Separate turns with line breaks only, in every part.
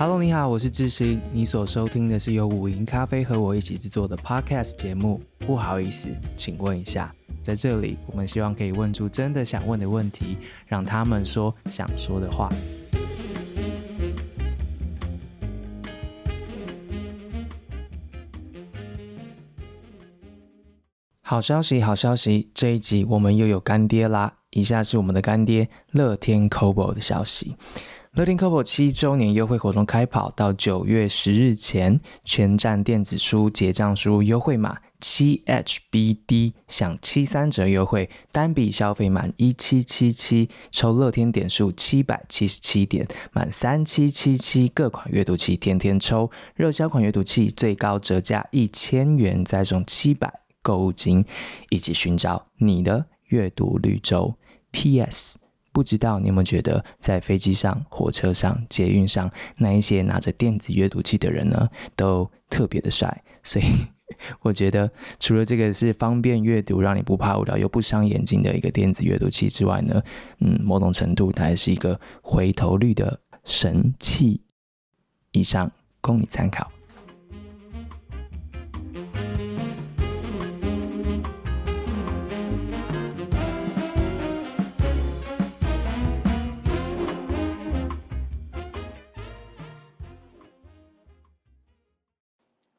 Hello，你好，我是智行。你所收聽的是由午營咖啡和我一起製作的 Podcast 節目。不好意思，請問一下，在這裡我們希望可以問出真的想問的問題，讓他們說想說的話。好消息，好消息！這一集我們又有乾爹啦！以下是我們的乾爹樂天 Kobo 的消息。樂天 Kobo 七週年優惠活動開跑，到九月十日前，全站電子書結賬輸入優惠碼七 HBD 享七三折優惠，單筆消費滿一七七七抽樂天點數七百七十七點，滿三七七七各款閱讀器天天抽，熱銷款閱讀器最高折價一千元，再送七百購物金，一起尋找你的閱讀綠洲。PS。不知道你有沒有覺得，在飛機上、火車上、捷運上，那一些拿着電子閱讀器的人呢，都特別的帥。所以， 我覺得除了這個是方便閱讀、讓你不怕無聊又不傷眼睛的一個電子閱讀器之外呢，嗯，某種程度它還是一個回頭率的神器。以上供你參考。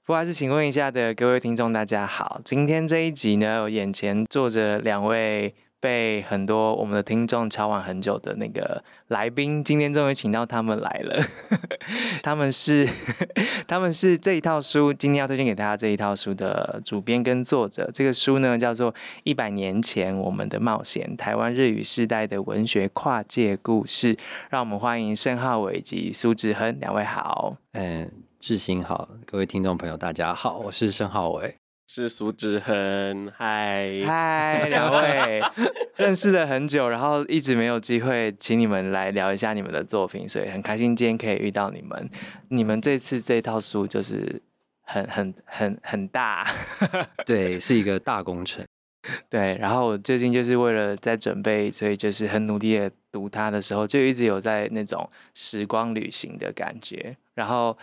不好意思請問一下的各位聽眾，大家好。今天這一集呢，我眼前坐着兩位被很多我們的聽眾敲碗很久的那個來賓，今天終於請到他們來了。 他們是， 他們是這一套書今天要推薦給大家這一套書的主編跟作者。這個書呢叫做《一百年前我們的冒險：台灣日語世代的文學跨界故事》。讓我們歡迎盛浩偉及蘇致亨兩位好。嗯。
志行好，各位聽眾朋友，大家好，我是盛浩偉，是蘇致亨，嗨嗨，兩位 認識了很久，然後一直沒有機會
請你們來聊一下你們的作品，所以很開心今天可以遇到你們。你們這次這套書就是很很很很大，對，是一個大工程。 對，然後我最近就是為了在準備，所以就是很努力的讀它的時候，就一直有在那種時光旅行的感覺，然後。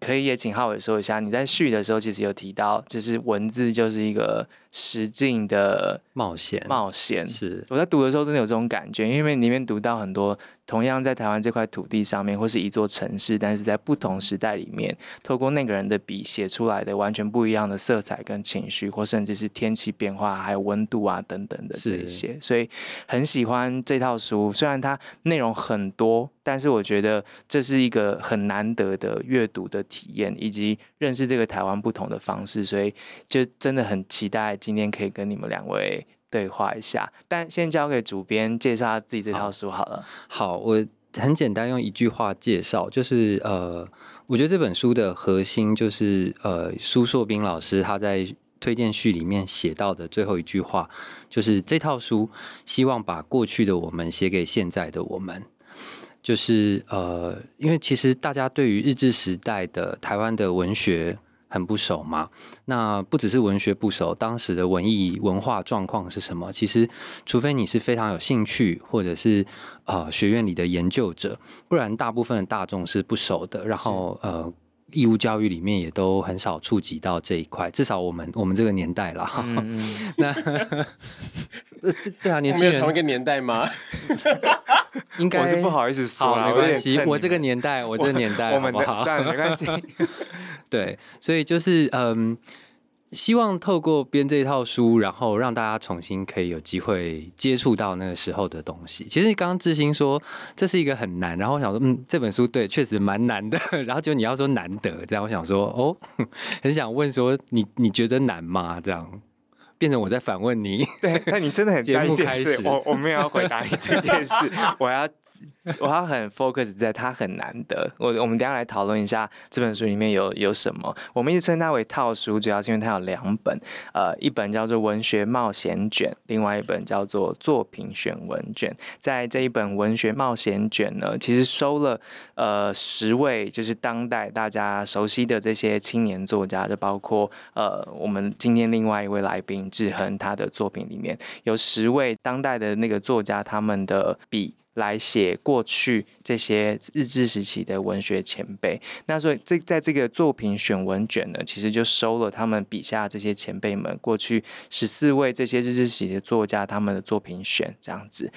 可以也請浩偉說一下，你在序的時候其實有提到，就是文字就是一個實境的冒險，冒險是。我在讀的時候真的有這種感覺，因為裡面讀到很多。同樣在台灣這塊土地上面，或是一座城市，但是在不同時代裡面，透過那個人的筆寫出來的完全不一樣的色彩跟情緒，或甚至是天氣變化，還有溫度啊等等的這些，所以很喜歡這套書。雖然它內容很多，但是我覺得這是一個很難得的閱讀的體驗，以及認識這個台灣不同的方式。所以就真的很期待今天可以
跟你們兩位，對話一下，但先交給主編介紹他自己這套書好了好。好，我很簡單用一句話介紹，就是呃，我覺得這本書的核心就是呃，蘇碩斌老師他在推薦序裡面寫到的最後一句話，就是這套書希望把過去的我們寫給現在的我們，就是呃，因為其實大家對於日治時代的台灣的文學。很不熟嘛，那不只是文學不熟，當時的文藝文化狀況是什麼？其實，除非你是非常有興趣，或者是啊，呃，學院裡的研究者，不然大部分的大眾是不熟的。然後，呃，義務教育裡面也都很少觸及到這一塊。至少我們我們這個年代啦。嗯、那 對啊，你沒有同一個年代嗎？ 應該我是不好意思說，沒關係。我這個年代，我這個年代，我，好不好我們的算了，沒關係。 對，所以就是嗯，希望透過編這一套書，然後讓大家重新可以有機會接觸到那個時候的東西。其實剛剛致亨說，這是一個很難，然後我想說，嗯，這本書對，確實蠻難的。然後就你要說難得這樣，我想說哦，很想問說你你覺得難嗎這樣？變成我在反問你。對，那你真的很 在意這件事。我我沒有要回答你這件事，
我要我要很 focus 在它很難得。我我們等一下來討論一下這本書裡面有有什麼。我們一直稱它為套書，主要是因為它有兩本。呃，一本叫做《文學冒險卷》，另外一本叫做《作品選文卷》。在這一本《文學冒險卷》呢，其實收了呃十位就是當代大家熟悉的這些青年作家，就包括呃我們今天另外一位來賓。致亨他的作品裡面有十位當代的那個作家，他們的筆來寫過去這些日治時期的文學前輩。那所以這在這個作品選文卷呢，其實就收了他們筆下這些前輩們過去十四位這些日治時期的作家他們的作品選這樣子。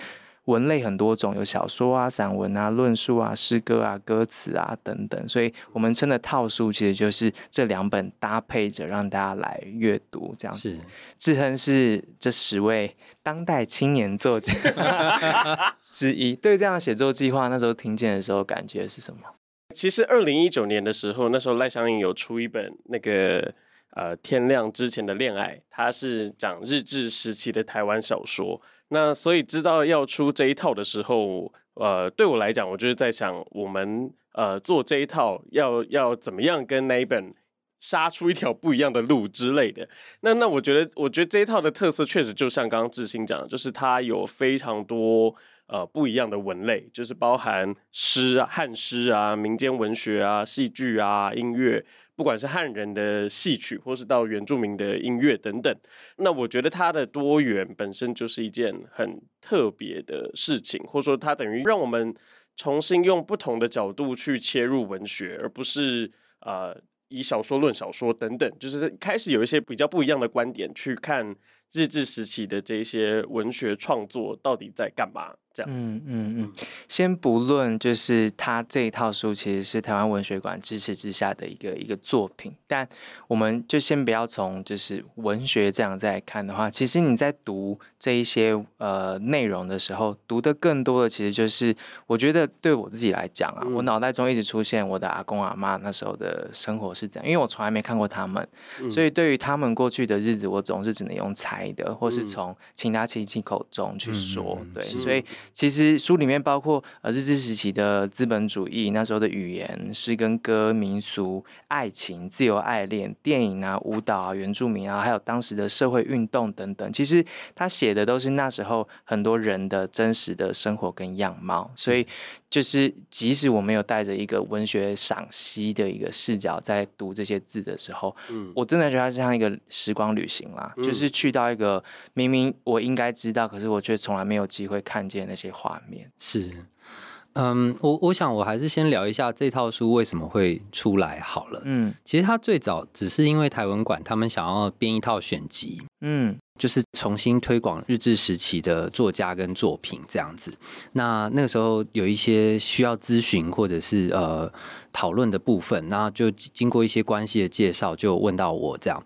文類很多種，有小說啊、散文啊、論述啊、詩歌啊、歌詞啊等等，所以我們稱的套書其實就是這兩本搭配着讓大家來閱讀這樣子。致亨是這十位當代青年作家 之一，對這樣寫作計劃，那時候聽見的時候感覺是什麼？其實二零一九年的時候，那時候賴
香吟有出一本那個呃《天亮之前的戀愛》，它是講日治時期的台灣小說。那所以知道要出這一套的時候，呃，對我來講，我就是在想，我們呃做這一套要要怎麼樣跟那一本殺出一條不一樣的路之類的。那那我覺得，我覺得這一套的特色確實就像剛剛志新講的，就是它有非常多呃不一樣的文類，就是包含詩啊、漢詩啊、民間文學啊、戲劇啊、音樂。不管是漢人的戲曲，或是到原住民的音樂等等，那我覺得它的多元本身就是一件很特別的事情，或者說它等於讓我們重新用不同的角度去切入文學，而不是啊、呃、以小說論小說等等，就是開始有一些比較不一樣的觀點去看日治時期的這些文學創作到底在幹嘛。
嗯嗯嗯，先不論，就是他這一套書其實是台灣文學館支持之下的一個一個作品，但我們就先不要從就是文學這樣再看的話，其實你在讀這一些呃內容的時候，讀的更多的其實就是，我覺得對我自己來講啊，嗯、我腦袋中一直出現我的阿公阿媽那時候的生活是怎樣？因為我從來沒看過他們，嗯、所以對於他們過去的日子，我總是只能用猜的，或是從其他親戚口中去說，嗯、對，所以。其實書裡面包括呃日治時期的資本主義，那時候的語言、詩跟歌、民俗、愛情、自由、愛戀、電影啊、舞蹈啊、原住民啊，還有當時的社會運動等等。其實他寫的都是那時候很多人的真實的生活跟樣貌，所以。嗯就是，即使我沒有帶着一個文學賞析的一個視角在讀這些字的時候，嗯，我真的覺得它是像一個時光旅行啦，嗯，就是去到一個
明明我應該知道，可是我卻從來沒有機會看見那些畫面。是，嗯，我我想我還是先聊一下這套書為什麼會出來好了。嗯，其實它最早只是因為台文館他們想要編一套選集，嗯。就是重新推廣日治時期的作家跟作品這樣子。那那個時候有一些需要諮詢或者是呃討論的部分，那就經過一些關係的介紹，就問到我這樣。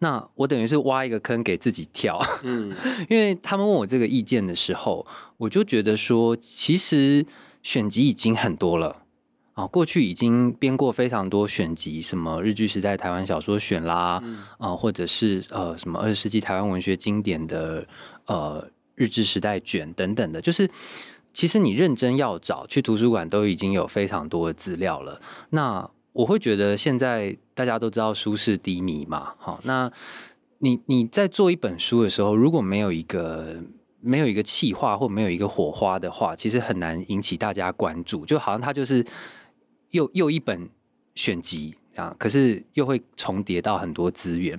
那我等於是挖一個坑給自己跳，嗯、 因為他們問我這個意見的時候，我就覺得說，其實選集已經很多了。啊，過去已經編過非常多選集，什麼日治時代台灣小說選啦，啊、嗯呃，或者是呃什麼二十世紀台灣文學經典的呃日治時代卷等等的，就是其實你認真要找去圖書館都已經有非常多的資料了。那我會覺得現在大家都知道書市低迷嘛，好，那你你在做一本書的時候，如果沒有一個沒有一個企劃或沒有一個火花的話，其實很難引起大家關注，就好像它就是。又又一本選集啊，可是又會重疊到很多資源，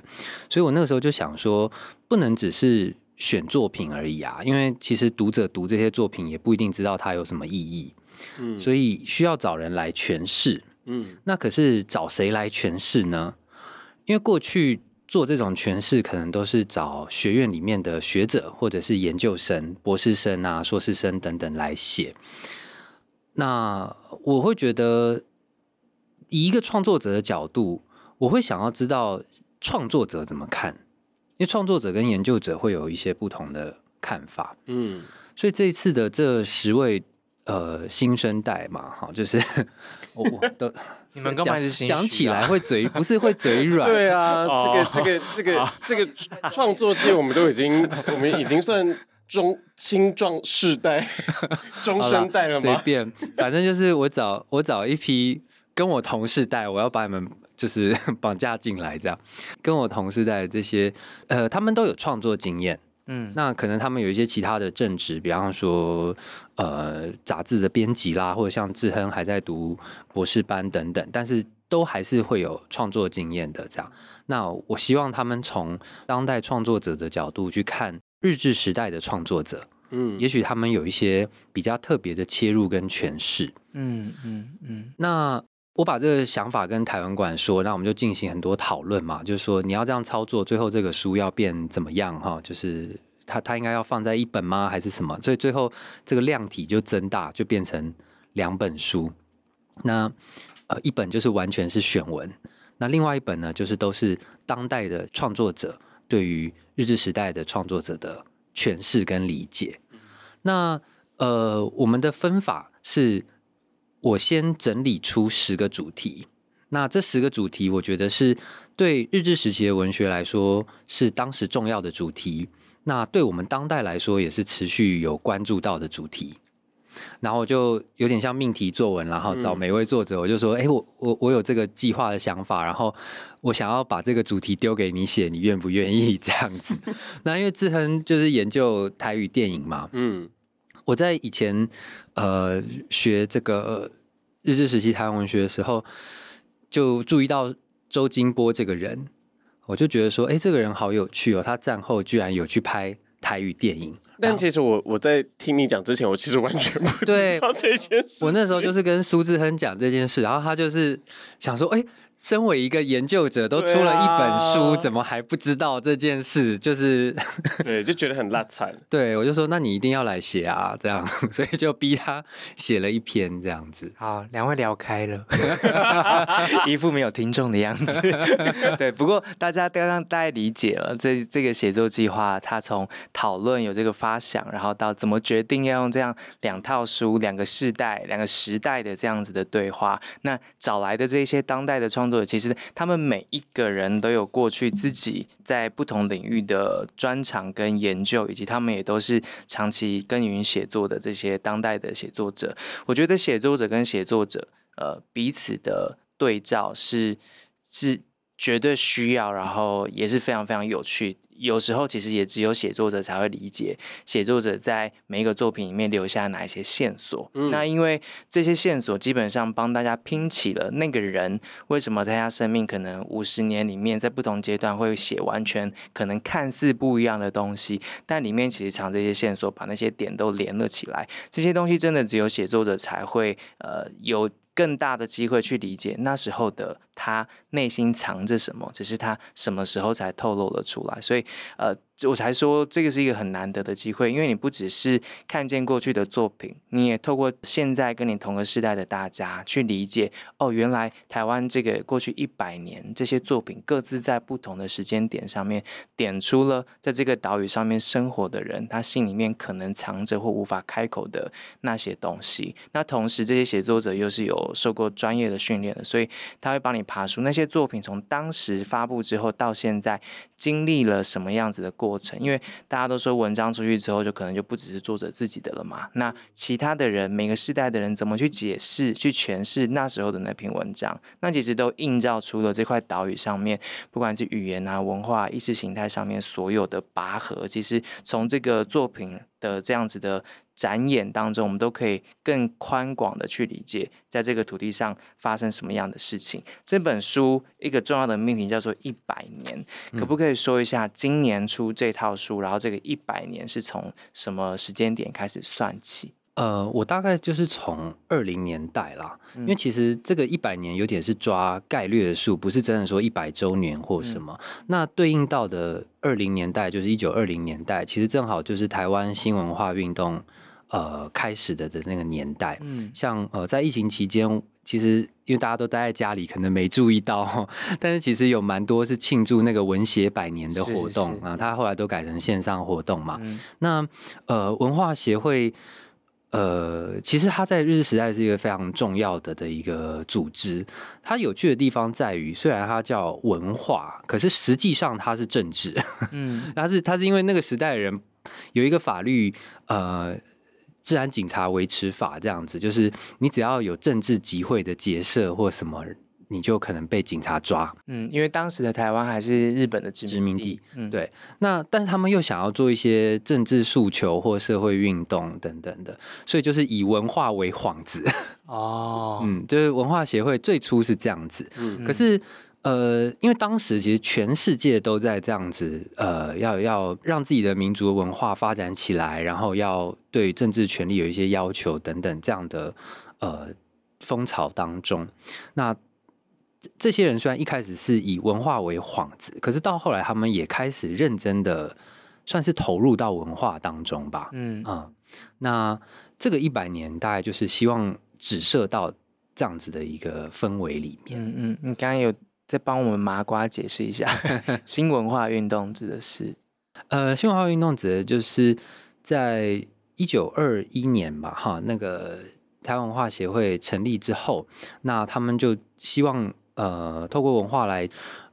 所以我那個時候就想說，不能只是選作品而已啊，因為其實讀者讀這些作品也不一定知道它有什麼意義，嗯，所以需要找人來詮釋，嗯，那可是找誰來詮釋呢？因為過去做這種詮釋，可能都是找學院裡面的學者或者是研究生、博士生啊、碩士生等等來寫。那我會覺得，以一個創作者的角度，我會想要知道創作者怎麼看，因為創作者跟研究者會有一些不同的看法。嗯，所以這一次的這十位呃新生代嘛，哈，就是我我的， 你們講、啊、講起來會嘴不是會嘴軟， 對啊，這個這個這個
這個創作界我們都已經 我們已經算。中青壯世代，中生代了嗎？ 隨
便，反正就是我找我找一批跟我同世代， 我要把你們就是綁架進來這樣。跟我同世代這些，呃，他們都有創作經驗，嗯，那可能他們有一些其他的正職，比方說呃，雜誌的編輯啦，或者像致亨還在讀博士班等等，但是都還是會有創作經驗的這樣。那我希望他們從當代創作者的角度去看。日治時代的創作者，嗯，也許他們有一些比較特別的切入跟詮釋，嗯嗯
嗯。
那我把這個想法跟台灣館說，那我們就進行很多討論嘛，就是說你要這樣操作，最後這個書要變怎麼樣哈？就是他他應該要放在一本嗎，還是什麼？所以最後這個量體就增大，就變成兩本書。那呃，一本就是完全是選文，那另外一本呢，就是都是當代的創作者。對於日治時代的創作者的詮釋跟理解，那呃，我們的分法是，我先整理出十個主題。那這十個主題，我覺得是對日治時期的文學來說是當時重要的主題，那對我們當代來說也是持續有關注到的主題。然後就有點像命題作文，然後找每位作者，我就說：哎、嗯，欸，我我我有這個計劃的想法，然後我想要把這個主題丟給你寫，你願不願意？這樣子。 那因為致亨就是研究台語電影嘛，嗯，我在以前呃學這個日治時期台灣文學的時候，就注意到周金波這個人，我就覺得說：哎、欸，這個人好有趣哦，他戰後居然有去拍。台語電影，但其實我我在聽你講之前，我其實完全不知道這件事。我那時候就是跟蘇致亨講這件事，然後他就是想說，哎、欸。身為一個研究者，都出了一本書，啊、怎麼還不知道這件事？就是對，就覺得很落漆。 對我就說，那你一定要來寫啊，這樣，所以就逼他寫了一篇這樣子。好，兩位聊開了，一 副 沒有聽眾
的樣子。 對，不過大家要讓大家大概理解了，這這個寫作計劃，他從討論有這個發想，然後到怎麼決定要用這樣兩套書、兩個世代、兩個時代的這樣子的對話，那找來的這一些當代的創。其實他們每一個人都有過去自己在不同領域的專長跟研究，以及他們也都是長期耕耘寫作的這些當代的寫作者。我覺得寫作者跟寫作者，呃，彼此的對照是是。絕對需要，然後也是非常非常有趣。有時候其實也只有寫作者才會理解，寫作者在每一個作品裡面留下哪一些線索。嗯。那因為這些線索基本上幫大家拼起了那個人為什麼在他生命可能五十年裡面，在不同階段會寫完全可能看似不一樣的東西，但裡面其實藏這些線索，把那些點都連了起來。這些東西真的只有寫作者才會呃有更大的機會去理解那時候的。他內心藏着什麼，只是他什麼時候才透露了出來。所以，呃，我才說這個是一個很難得的機會，因為你不只是看見過去的作品，你也透過現在跟你同個世代的大家去理解。哦，原來台灣這個過去一百年這些作品各自在不同的時間點上面點出了，在這個島嶼上面生活的人他心裡面可能藏着或無法開口的那些東西。那同時，這些寫作者又是有受過專業的訓練的，所以他會幫你。爬梳那些作品，從當時發布之後到現在，經歷了什麼樣子的過程？因為大家都說文章出去之後，就可能就不只是作者自己的了嘛。那其他的人，每個世代的人怎麼去解釋、去詮釋那時候的那篇文章？那其實都映照出了這塊島嶼上面，不管是語言啊、文化啊、意識形態上面所有的拔河。其實從這個作品。的這樣子的展演當中，我們都可以更寬廣的去理解，在這個土地上發生什麼樣的事情。這本書一個重要的命題叫做一百年。嗯，可不可以說一下今年出這套書，然
後這個一百年是從什麼時間點開始算起？呃，我大概就是從二零年代啦，因為其實這個一百年有點是抓概略的數，不是真的說一百周年或什麼。嗯、那對應到的二零年代就是一九二零年代，其實正好就是台灣新文化運動呃開始的的那個年代。嗯，像呃在疫情期間，其實因為大家都待在家裡，可能沒注意到，呵呵，但是其實有蠻多是慶祝那個文協百年的活動，是是是啊，他後來都改成線上活動嘛。嗯、那呃文化協會。呃，其實他在日治時代是一個非常重要的的一個組織。它有趣的地方在於，雖然它叫文化，可是實際上它是政治。嗯，它是它是因為那個時代的人有一個法律，呃，治安警察維持法這樣子，就是你只要有政治集會的結社或什麼。你就可能被警察抓，嗯，因為當時的台灣還是日本的殖民地，民地嗯，對。那但是他們又想要做一些政治訴求或社會運動等等的，所以就是以文化為幌子，哦，嗯，就是文化協會最初是這樣子。嗯，可是呃，因為當時其實全世界都在這樣子，呃，要要讓自己的民族文化發展起來，然後要對政治權利有一些要求等等這樣的呃風潮當中，那。這些人雖然一開始是以文化為幌子，可是到後來他們也開始認真的，算是投入到文化當中吧。嗯啊、嗯，那這個一百年大概就是希望指涉到這樣子的一個氛圍裡
面。嗯嗯，
你剛剛有在幫我們麻瓜解釋一下 新文化運動指的是？呃，新文化運動指的就是在一九二一年吧，哈，那個台灣文化協會成立之後，那他們就希望。呃，透過文化來，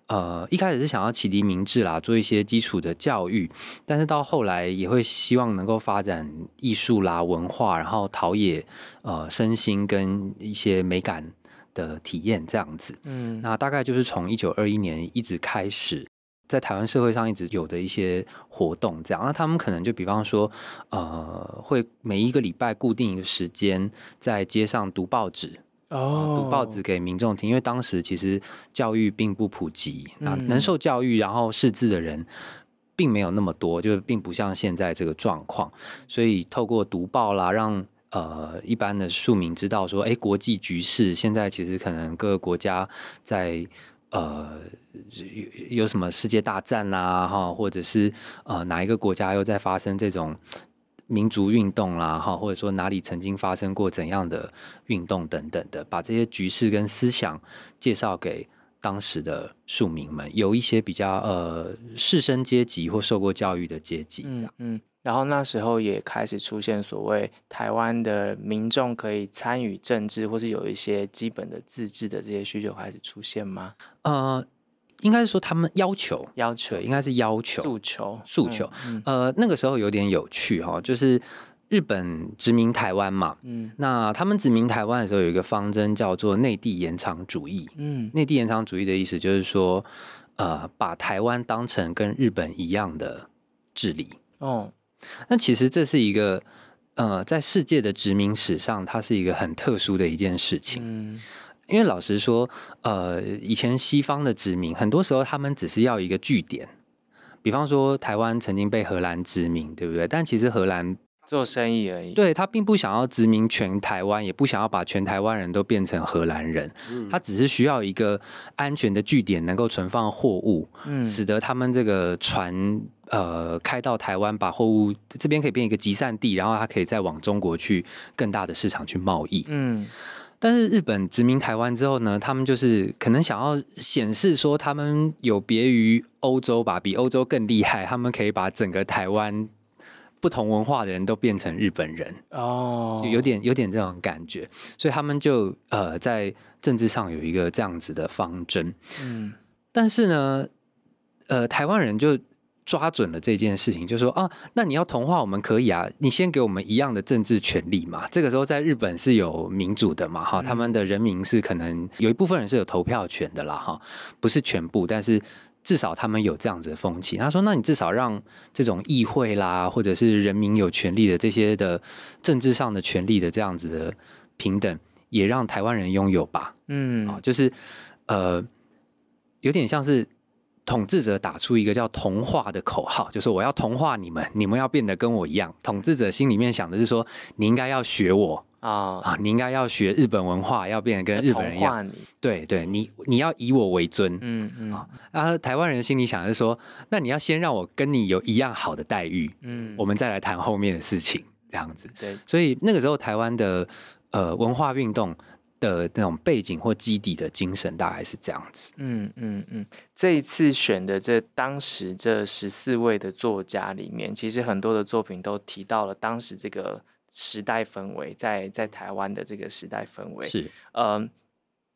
呃，一開始是想要啟迪民智啦，做一些基礎的教育，但是到後來也會希望能夠發展藝術啦、文化，然後陶冶呃身心跟一些美感的體驗這樣子。嗯，那大概就是從一九二一年一直開始，在台灣社會上一直有的一些活動這樣。那他們可能就比方說，呃，會每一個禮拜固定一個時間在街上讀報紙。
哦、oh.，讀報紙
給民眾聽，因為當時其實教育並不普及，那、嗯、能受教育然後識字的人並沒有那麼多，就並不像現在這個狀況。所以透過讀報啦，讓呃一般的庶民知道說，哎，國際局勢現在其實可能各個國家在呃有什麼世界大戰啊，哈，或者是呃哪一個國家又在發生這種。民族運動啦、啊，或者說哪裡曾經發生過怎樣的運動等等的，把這些局勢跟思想介紹給當時的庶民們，有一些比較呃士紳階級或受過教育的階
級這樣嗯，嗯，的的的這嗯，嗯，然後那時候也開始出現所謂台灣的民眾可以參與政治，或是有一些基本的自治的這些需求開始出現嗎？
呃。應該是說他們要求要求，應該是要求訴求訴求、嗯嗯。呃，那個時候有點有趣哈、哦，就是日本殖民台灣嘛，嗯，那他們殖民台灣的時候有一個方針叫做“內地延長主義”，嗯，“內地延長主義”的意思就是說，呃，把台灣當成跟日本一樣的治理。哦，那其實這是一個呃，在世界的殖民史上，它是一個很特殊的一件事情。嗯因為老實說，呃，以前西方的殖民很多時候他們只是要一個據點，比方說台灣曾經被荷蘭殖民，對不對？但其實荷蘭做生意而已，對，他並不想要殖民全台灣，也不想要把全台灣人都變成荷蘭人，嗯，他只是需要一個安全的據點，能夠存放貨物，嗯，使得他們這個船呃開到台灣，把貨物這邊可以變一個集散地，然後他可以再往中國去更大的市場去貿易，嗯。但是日本殖民台灣之後呢，他們就是可能想要顯示說他們有別於歐洲吧，比歐洲更厲害，他們可以把整個台灣不同文化的人都變成日本人
哦，就有
點有點這種感覺，所以他們就呃在政治上有一個這樣子的方針，嗯，但是呢，呃，台灣人就。抓準了這件事情就，就說啊，那你要同化我們可以啊，你先給我們一樣的政治權利嘛。這個時候在日本是有民主的嘛，哈，他們的人民是可能有一部分人是有投票權的啦，哈，不是全部，但是至少他們有這樣子的風氣。他說，那你至少讓這種議會啦，或者是人民有權利的這些的政治上的權利的這樣子的平等，也讓台灣人擁有吧。嗯，啊，就是呃，有點像是。統治者打出一個叫“同化”的口號，就是我要同化你們，你們要變得跟我一樣。統治者心裡面想的是說，你應該要學我、哦、啊你應該要學日本文化，要變得跟日本人一樣。對對，你你要以我為尊。嗯嗯啊，台灣人心裡想的是說，那你要先讓我跟你有一樣好的待遇，嗯，我們再來談後面的事情。這樣子，對。所以那個時候台灣，台灣的呃文化運動。的那種背景或基底的精神大概是這樣子。嗯嗯嗯，
這一次選的這當時這十四位的作家裡面，其實很多的作品都提到了當時這個時代氛圍，在在台灣的這個時代氛圍。是，嗯，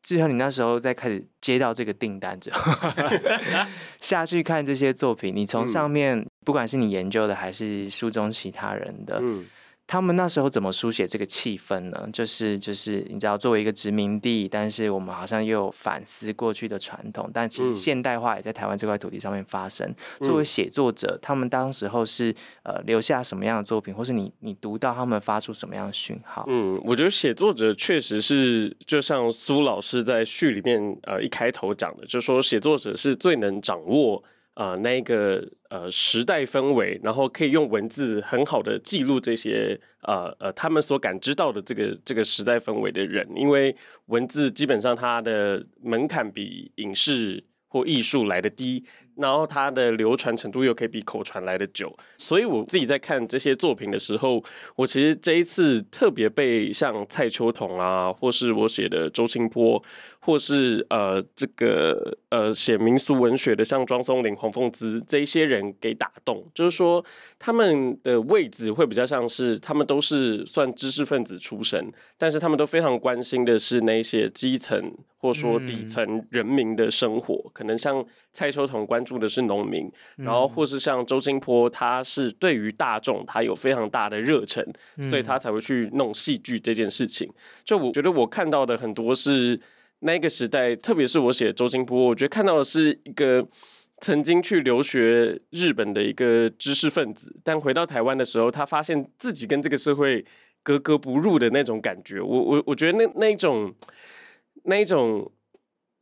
至少你那時候再開始接到這個訂單之後， 下去看這些作品，你從上面、嗯、不管是你研究的還是書中其他人的，嗯他們那時候怎麼書寫這個氣氛呢？就是就是，你知道，作為一個殖民地，但是我們好像又有反思過去的傳統，但其實現代化也在台灣這塊土地上面發生。作為寫作者，他們當時候是呃留下什麼樣的作品，或是你你讀到他們發出什麼樣的訊
號？嗯，我覺得寫作者確實是，就像蘇老師在序裡面呃一開頭講的，就是說寫作者是最能掌握。啊、呃，那一個呃時代氛圍，然後可以用文字很好的記錄這些啊呃、呃他們所感知到的這個這個時代氛圍的人，因為文字基本上它的門檻比影視或藝術來的低，然後它的流傳程度又可以比口傳來得久，所以我自己在看這些作品的時候，我其實這一次特別被像蔡秋桐啊，或是我寫的周金波，或是呃，這個呃，寫民俗文學的，像莊松林、黃鳳姿這些人給打動，就是說他們的位置會比較像是，他們都是算知識分子出身，但是他們都非常關心的是那些基層或者說底層人民的生活，嗯，可能像蔡秋桐關注的是農民，嗯，然後或是像周金波，他是對於大眾他有非常大的熱忱，所以他才會去弄戲劇這件事情。就我覺得我看到的很多是。那個時代，特別是我寫周金波，我覺得看到的是一個曾經去留學日本的一個知識分子，但回到台灣的時候，他發現自己跟這個社會格格不入的那種感覺。我我我覺得那那一種那一種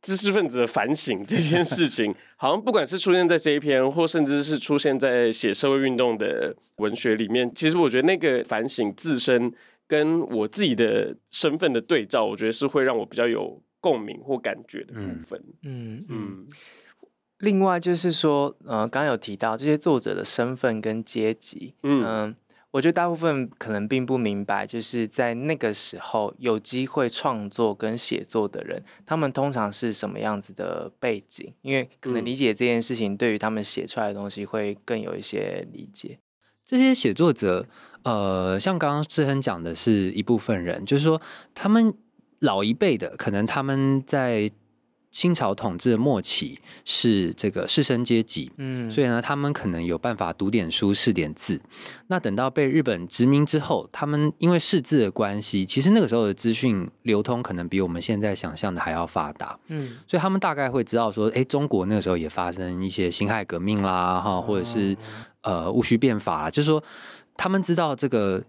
知識分子的反省這件事情， 好像不管是出現在這一篇，或甚至是出現在寫社會運動的文學裡面，其實我覺得那個反省自身跟我自己的身份的對照，我覺得是會讓我比較有。共鳴或感覺的部分，嗯
嗯,嗯。另外就是說，呃，剛剛有提到這些作者的身份跟階級，嗯、呃。我覺得大部分可能並不明白，就是在那個時候有機會創作跟寫作的人，他們通常是什麼樣子的背景？因為可能理解這件事情，對於他們寫出來的東西會更有一些理解。嗯、
這些寫作者，呃，像剛剛致亨講的，是一部分人，就是說他們。老一輩的可能他們在清朝統治的末期是這個士紳階級，嗯，所以呢，他們可能有辦法讀點書、識點字。那等到被日本殖民之後，他們因為識字的關係，其實那個時候的資訊流通可能比我們現在想象的還要發達，嗯，所以他們大概會知道說，哎、欸，中國那個時候也發生一些辛亥革命啦，哈，或者是嗯嗯呃戊戌變法，就是說他們知道這個。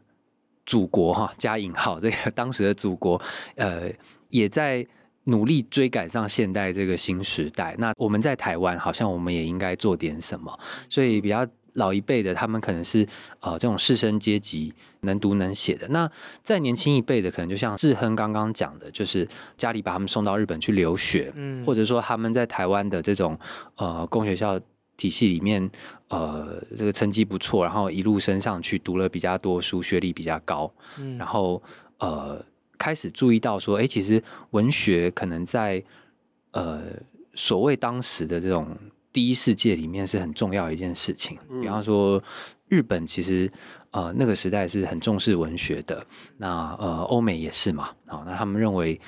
祖國哈加引號，這個當時的祖國，呃，也在努力追趕上現代這個新時代。那我們在台灣，好像我們也應該做點什麼。所以比較老一輩的，他們可能是呃這種士紳階級能讀能寫的。那再年輕一輩的，可能就像致亨剛剛講的，就是家裡把他們送到日本去留學，嗯，或者說他們在台灣的這種呃公學校。體系裡面，呃，這個成績不錯，然後一路升上去，讀了比較多書，學歷比較高，嗯、然後呃，開始注意到說，誒，其實文學可能在呃所謂當時的這種第一世界裡面是很重要的一件事情。嗯、比方說，日本其實呃那個時代是很重視文學的，那呃歐美也是嘛、哦，那他們認為。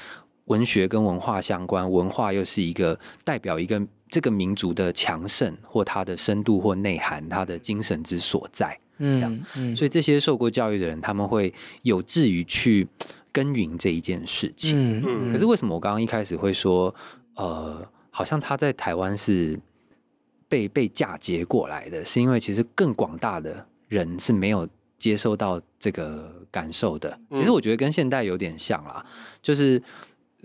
文學跟文化相關，文化又是一個代表一個這個民族的強盛或它的深度或內涵，它的精神之所在。嗯，
這樣。
嗯。所以這些受過教育的人，他們會有志於去耕耘這一件事情。嗯，嗯。可是為什麼我剛剛一開始會說，呃，好像他在台灣是被被嫁接過來的，是因為其實更廣大的人是沒有接受到這個感受的。嗯。其實我覺得跟現代有點像啦，就是。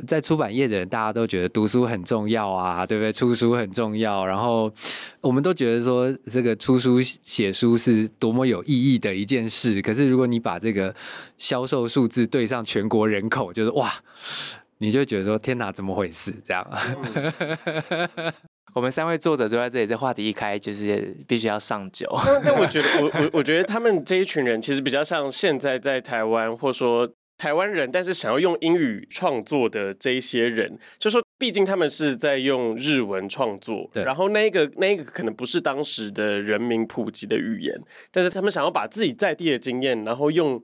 在出版業的人，大家都覺得讀書很重要啊，對不對？出書很重要，然後我們都覺得說，這個出書寫書是多麼有意義的一件事。可是，如果你把這個銷售數字對上全國人口，就是哇，你就覺得說，天哪，怎麼回事？這樣。
嗯、 我們三位作者坐在這裡，這話題一開，就是必須要上酒。但我覺得， 我我
我覺得他們這一群人，其實比較像現在在台灣，或說。台灣人，但是想要用英語創作的這一些人，就說，畢竟他們是在用日文創作，然後那個那個可能不是當時的人民普及的語言，但是他們想要把自己在地的經驗，然後用。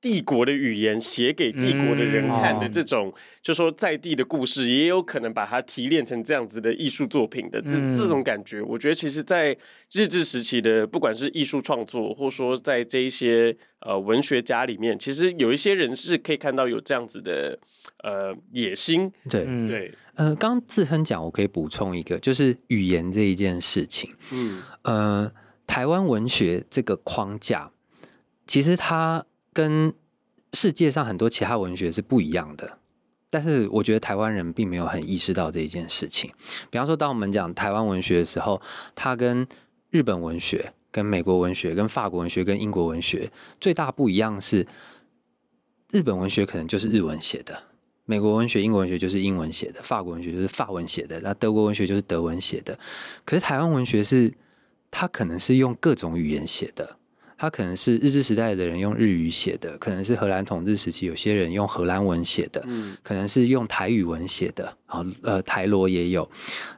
帝國的語言寫給帝國的人看的這種，就說在地的故事，也有可能把它提煉成這樣子的藝術作品的這這種感覺。我覺得，其實，在日治時期的，不管是藝術創作，或者說在這一些呃文學家裡面，其實有一些人是可以看到有這樣子的呃野心
對。對、嗯、對，呃，剛致亨講，我可以補充一個，就是語言這一件事情。嗯、呃、嗯，台灣文學這個框架，其實它。跟世界上很多其他文學是不一樣的，但是我覺得台灣人並沒有很意識到這一件事情。比方說，當我們講台灣文學的時候，它跟日本文學、跟美國文學、跟法國文學、跟英國文學最大不一樣是，日本文學可能就是日文寫的，美國文學、英文學就是英文寫的，法國文學就是法文寫的，那德國文學就是德文寫的。可是台灣文學是，它可能是用各種語言寫的。他可能是日治時代的人用日語寫的，可能是荷蘭統治時期有些人用荷蘭文寫的，嗯，可能是用台語文寫的，呃，台羅也有，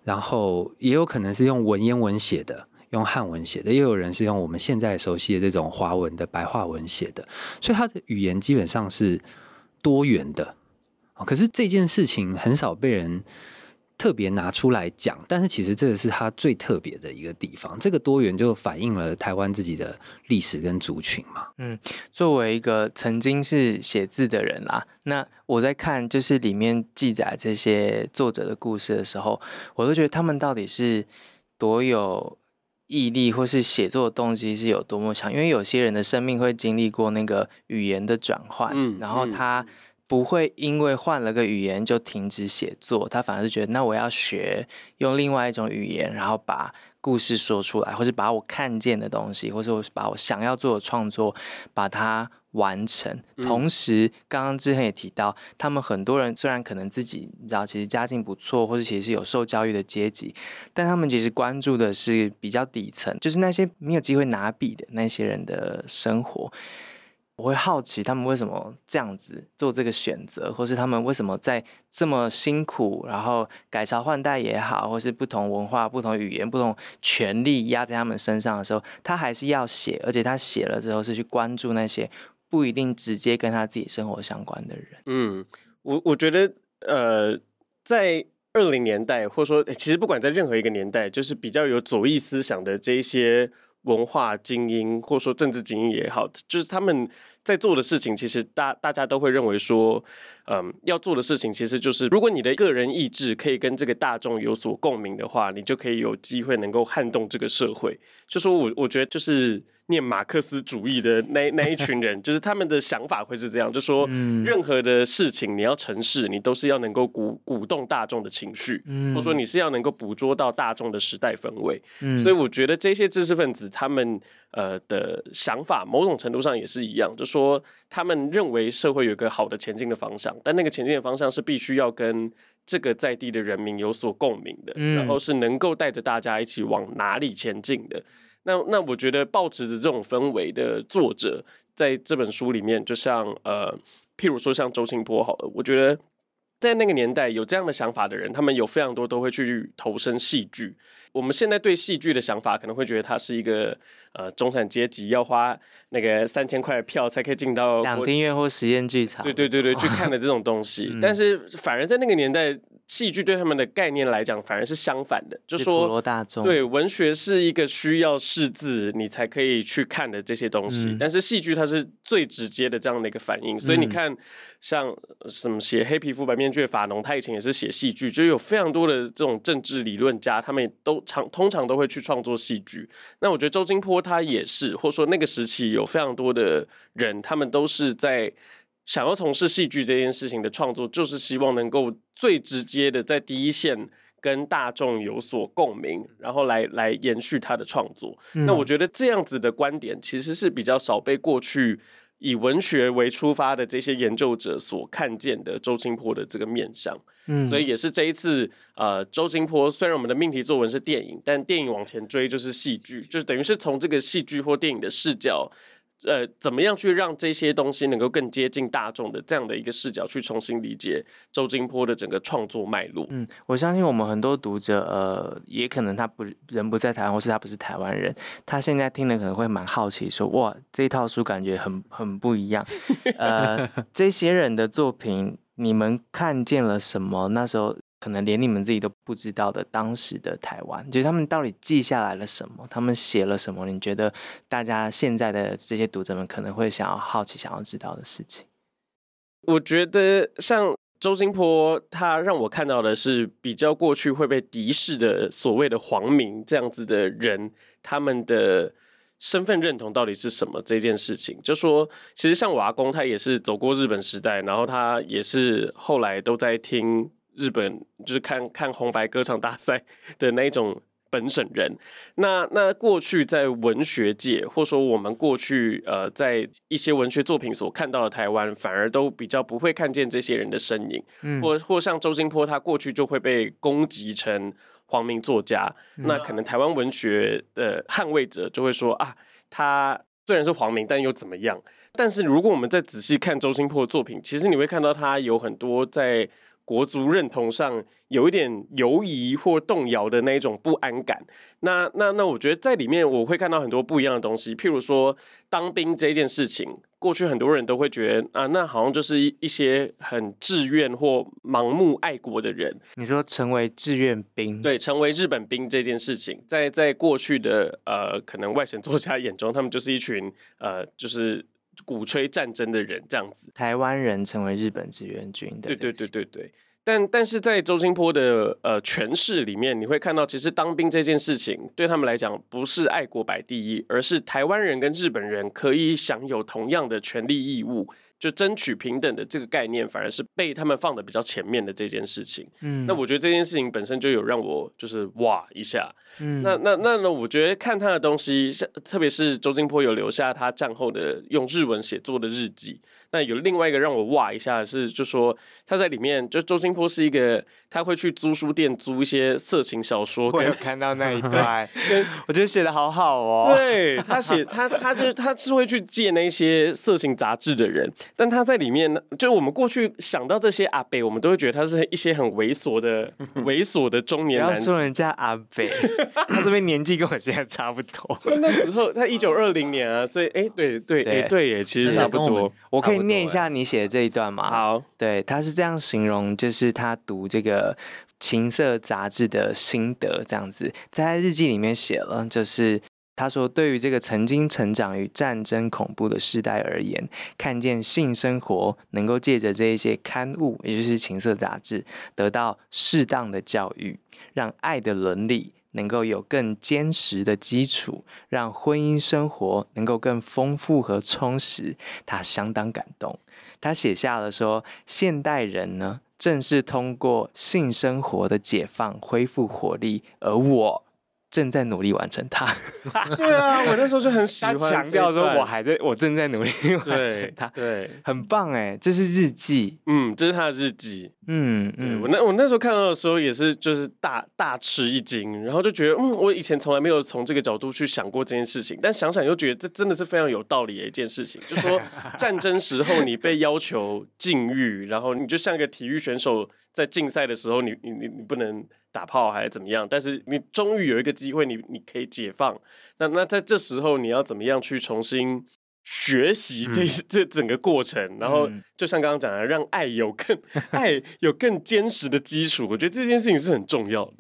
然後也有可能是用文言文寫的，用漢文寫的，也有人是用我們現在熟悉的這種華文的白話文寫的，所以他的語言基本上是多元的，可是這件事情很少被人特別拿出來講，但是其實這個是他最特別的一個地方。這個多元就反映了台灣自己的歷史跟族群嘛。嗯，作為一個
曾經是寫字
的人啦，那
我在看就是裡面記載這些作者的故事的時候，我都覺得他們到底是多有毅力，或是寫作的動機是有多麼強？因為有些人的生命會經歷過那個語言的轉換，嗯、然後他。嗯不會因為換了個語言就停止寫作，他反而是覺得，那我要學用另外一種語言，然後把故事說出來，或是把我看見的東西，或是我把我想要做的創作把它完成。嗯、同時，剛剛致亨也提到，他們很多人雖然可能自己你知道，其實家境不錯，或者其實是有受教育的階級，但他們其實關注的是比較底層，就是那些沒有機會拿筆的那些人的生活。我會好奇他們為什麼這樣子做這個選擇，或是他們為什麼在這麼辛苦，然後改朝換代也好，或是不同文化、不同語言、不同權力壓在他們身上的時候，他還是要寫，而且他寫了之後是去關注那些不一定直接跟他自己生活相關的
人。嗯，
我我覺得，呃，在二零年代，或者說其實不管在任何一個年代，就是比較有左翼思想的這一些。文化精英，或者說政治精英也好，就是他們在做的事情，其實大大家都會認為說，嗯，要做的事情其實就是，如果你的個人意志可以跟這個大眾有所共鳴的話，你就可以有機會能夠撼動這個社會。就說我我覺得就是。念馬克思主義的那那一群人， 就是他們的想法會是這樣，就說、嗯、任何的事情你要成事，你都是要能夠鼓鼓動大眾的情緒，嗯、或者說你是要能夠捕捉到大眾的時代氛圍、嗯。所以我覺得這些知識分子他們呃的想法，某種程度上也是一樣，就說他們認為社會有一個好的前進的方向，但那個前進的方向是必須要跟這個在地的人民有所共鳴的，嗯、然後是能夠帶着大家一起往哪裡前進的。那那我覺得保持着這種氛圍的作者，在這本書裡面，就像呃，譬如說像周金波，好了，我覺得在那個年代有這樣的想法的人，他們有非常多都會去投身戲劇。我們現在對戲劇的想法，可能會覺得它是一個呃中產階級要花那個三千塊票才可以進到兩廳院或實驗劇場，對對對對去看的這種東西，嗯。但是反而在那個年代。戲劇對他們的概念來講，反而是相反的，就是說對文學是一個需要識字你才可以去看的這些東西，但是戲劇它是最直接的這樣的一個反應，所以你看像什麼寫黑皮膚白面具的法農，他以前也是寫戲劇，就有非常多的這種政治理論家，他們也都常通常都會去創作戲劇。那我覺得周金波他也是，或者說那個時期有非常多的人，他們都是在想要從事戲劇這件事情的創作，就是希望能夠最直接的在第一線跟大眾有所共鳴，然後來來延續他的創作、嗯。那我覺得這樣子的觀點其實是比較少被過去以文學為出發的這些研究者所看見的周金波的這個面向、嗯。所以也是這一次，呃，周金波雖然我們的命題作文是電影，但電影往前追就是戲劇，就是等於是從這個戲劇或電影的視角。呃，怎麼樣去讓這些東西能夠更接近大眾的這樣的一個視角，去重新理解周金波的整個創作脈絡？
嗯，我相信我們很多讀者，呃，也可能他不人不在台灣，或是他不是台灣人，他現在聽了可能會蠻好奇說，說哇，這一套書感覺很很不一樣。呃， 這些人的作品，你們看見了什麼？那時候。可能連你們自己都不知道的當時的台灣，就是他們到底記下來了什麼，他們寫了什麼？你覺得大家現在的這些讀者們可能會想要好奇、想要知道的事情？
我覺得像周金波，他讓我看到的是比較過去會被敵視的所謂的皇民這樣子的人，他們的身份認同到底是什麼？這件事情，就說其實像我阿公，他也是走過日本時代，然後他也是後來都在聽。日本就是看看紅白歌唱大賽的那種本省人，那那過去在文學界，或說我們過去呃在一些文學作品所看到的台灣，反而都比較不會看見這些人的身影，嗯、或或像周金波他過去就會被攻擊成皇民作家、嗯，那可能台灣文學的捍衛者就會說啊，他雖然是皇民，但又怎麼樣？但是如果我們再仔細看周金波的作品，其實你會看到他有很多在。國族認同上有一點猶疑或動搖的那一種不安感，那那那，那我覺得在裡面我會看到很多不一樣的東西，譬如說當兵這件事情，過去很多人都會覺得啊，那好像就是一一些很志願或盲目愛國的人。
你說成為志願
兵，對，成為日本兵這件事情，在在過去的呃，可能外省作家眼中，他們就是一群呃，就是。鼓吹戰爭的人這樣子，
台灣人成為日本志願軍的。對對
對對對，但但是在周金波的呃詮釋裡面，你會看到，其實當兵這件事情對他們來講，不是愛國擺第一，而是台灣人跟日本人可以享有同樣的權利義務，就爭取平等的這個概念，反而是被他們放得比較前面的這件事情。嗯，那我覺得這件事情本身就有讓我就是哇一下。嗯、那那那那，我覺得看他的東西，像特別是周金波有留下他戰後的用日文寫作的日記。那有另外一個讓我哇一下的是，就說他在裡面，就周金波是一個，他會去租書店租一些色情小說。我有看到那一段，我覺得寫的好好哦。對，他寫他他就是他是會去借那些色情雜誌的人，但他在裡面，就我們過去想到這些阿北，我們都會覺得他是一些很猥瑣的、嗯、猥瑣的中年人。不要說人家阿北。 他這邊年紀跟我現在差不多， 那時候他一九二零年啊，所以哎、欸，對對哎，對、欸對，欸對欸，其實差不多。我可以
念一下你寫的，的這一段嗎？好，對，他是這樣形容，就是他讀這個情色雜誌的心得，這樣子，在日記裡面寫了，就是他說，對於這個曾經成長於戰爭恐怖的世代而言，看見性生活能夠借着這一些刊物，也就是情色雜誌，得到適當的教育，讓愛的倫理。能夠有更堅實的基礎，讓婚姻生活能夠更豐富和充實，他相當感動。他寫下了說：“現代人呢，正是通過性生活的解放恢復活力，而我。”正在努力完成它。
對啊，我那時候就很喜歡強調說我
還在我正在努力完成它，對，很棒哎、欸，這是日記，嗯，這是
他的日記，嗯嗯，我那我那時候看到的時候也是就是大大吃一驚，然後就覺得嗯，我以前從來沒有從這個角度去想過這件事情，但想想又覺得這真的是非常有道理的、欸、一件事情，就說戰爭時候你被要求禁慾， 然後你就像一個體育選手。在競賽的時候你，你你你你不能打炮還是怎麼樣？但是你終於有一個機會你，你你可以解放。那那在這時候，你要怎麼樣去重新學習這、嗯、這整個過程？然後就像剛剛講的，讓愛有更
愛有更堅實的基礎。 我覺得這件事情是很重要的。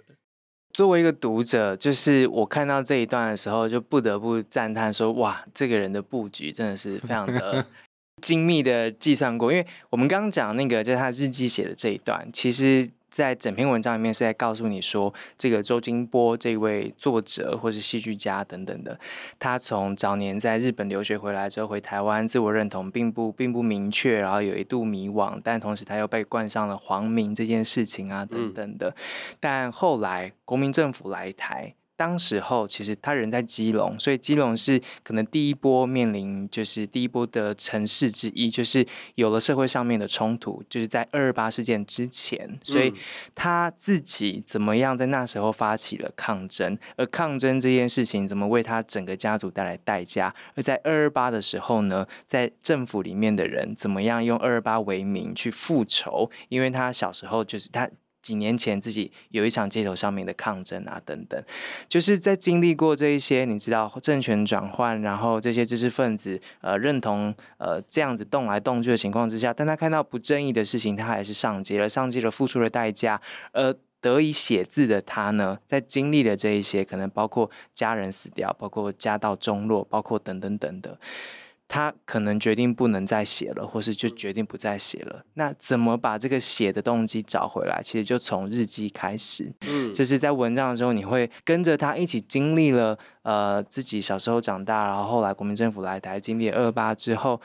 作為一個讀者，就是我看到這一段的時候，就不得不讚嘆說：哇，這個人的布局真的是非常的。 精密的計算過，因為我們剛剛講那個，就是他日記寫的這一段，其實，在整篇文章裡面是在告訴你說，這個周金波這位作者或是戲劇家等等的，他從早年在日本留學回來之後回台灣，自我認同並不並不明確，然後有一度迷惘，但同時他又被冠上了皇民這件事情啊等等的，嗯、但後來國民政府來台。當時候其實他人在基隆，所以基隆是可能第一波面臨就是第一波的城市之一，就是有了社會上面的衝突，就是在二二八事件之前，所以他自己怎麼樣在那時候發起了抗爭，而抗爭這件事情怎麼為他整個家族帶來代價？而在二二八的時候呢，在政府裡面的人怎麼樣用二二八為名去復仇？因為他小時候就是他。幾年前自己有一場街頭上面的抗爭啊，等等，就是在經歷過這一些，你知道政權轉換，然後這些知識分子呃認同呃這樣子動來動去的情況之下，但他看到不正義的事情，他還是上街了，上街了，付出了代價，而得以寫字的他呢，在經歷的這一些，可能包括家人死掉，包括家道中落，包括等等等等的。他可能決定不能再寫了，或是就決定不再寫了。那怎麼把這個寫的動機找回來？其實就從日記開始。嗯，就是在文章的時候，你會跟着他一起經歷了，呃，自己小時候長大，然後後來國民政府來台，經歷了二二八之後。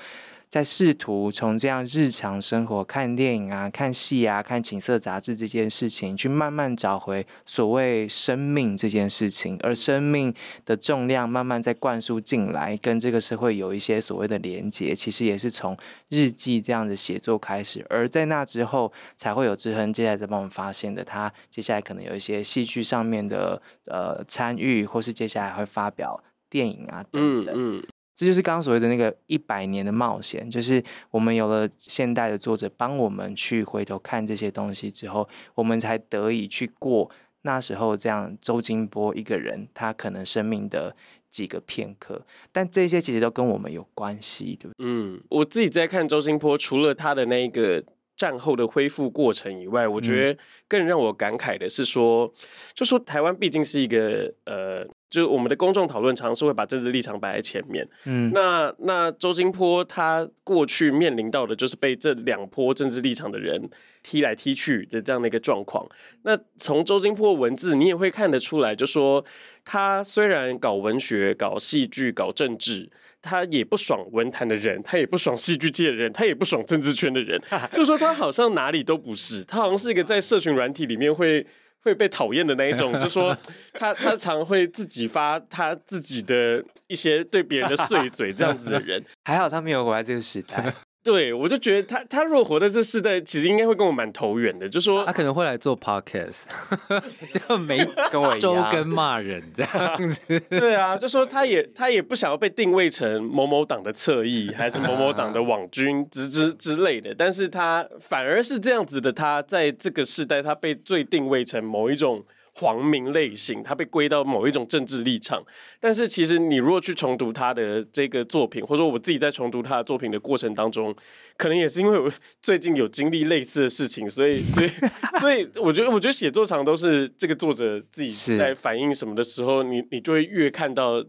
在試圖從這樣日常生活、看電影啊、看戲啊、看情色雜誌這件事情，去慢慢找回所謂生命這件事情，而生命的重量慢慢在灌輸進來，跟這個社會有一些所謂的連接，其實也是從日記這樣的寫作開始，而在那之後才會有致亨接下來在幫我們發現的，他接下來可能有一些戲劇上面的呃參與，或是接下來會發表電影啊等等。嗯嗯這就是剛剛所謂的那個一百年的冒險，就是我們有了現代的作者幫我們去回頭看這些東西之後，我們才得以去過那時候這樣周金波一個人他可能生命的幾個片刻，但這些其實都跟我們有關係，對不對？
嗯，我自己在看周金波，除了他的那個戰後的恢復過程以外，我覺得更讓我感慨的是說，嗯、就說台灣畢竟是一個呃。就是我們的公眾討論常常是會把政治立場擺在前面，嗯，那那周金波他過去面臨到的就是被這兩波政治立場的人踢來踢去的這樣的一個狀況。那從周金波文字你也會看得出來，就是說他雖然搞文學、搞戲劇、搞政治，他也不爽文壇的人，他也不爽戲劇界的人，他也不爽政治圈的人， 就說他好像哪裡都不是，他好像是一個在社群軟體裡面會。會被討厭的那一種， 就說他他常會自己發他自己的一些對別人的碎嘴這樣子的人，
還好他沒有活在這個時代。
對，我就覺得他他若活在這世代，其實應該會跟我蠻投緣的。就說他可能會來做 podcast，呵呵就沒、啊、 跟我週更罵
人這樣子，
啊。對啊，就說他也他也不想要被定位成某某黨的側翼，還是某某黨的網軍 之之之類的。但是他反而是這樣子的，他在這個世代，他被最定位成某一種。皇民類型，他被歸到某一種政治立場，但是其實你如果去重讀他的這個作品，或者說我自己在重讀他的作品的過程當中，可能也是因為我最近有經歷類似的事情，所以所以 所以我覺得我覺得寫作場都是這個作者自己在反映什麼的時候，你你就會越看到。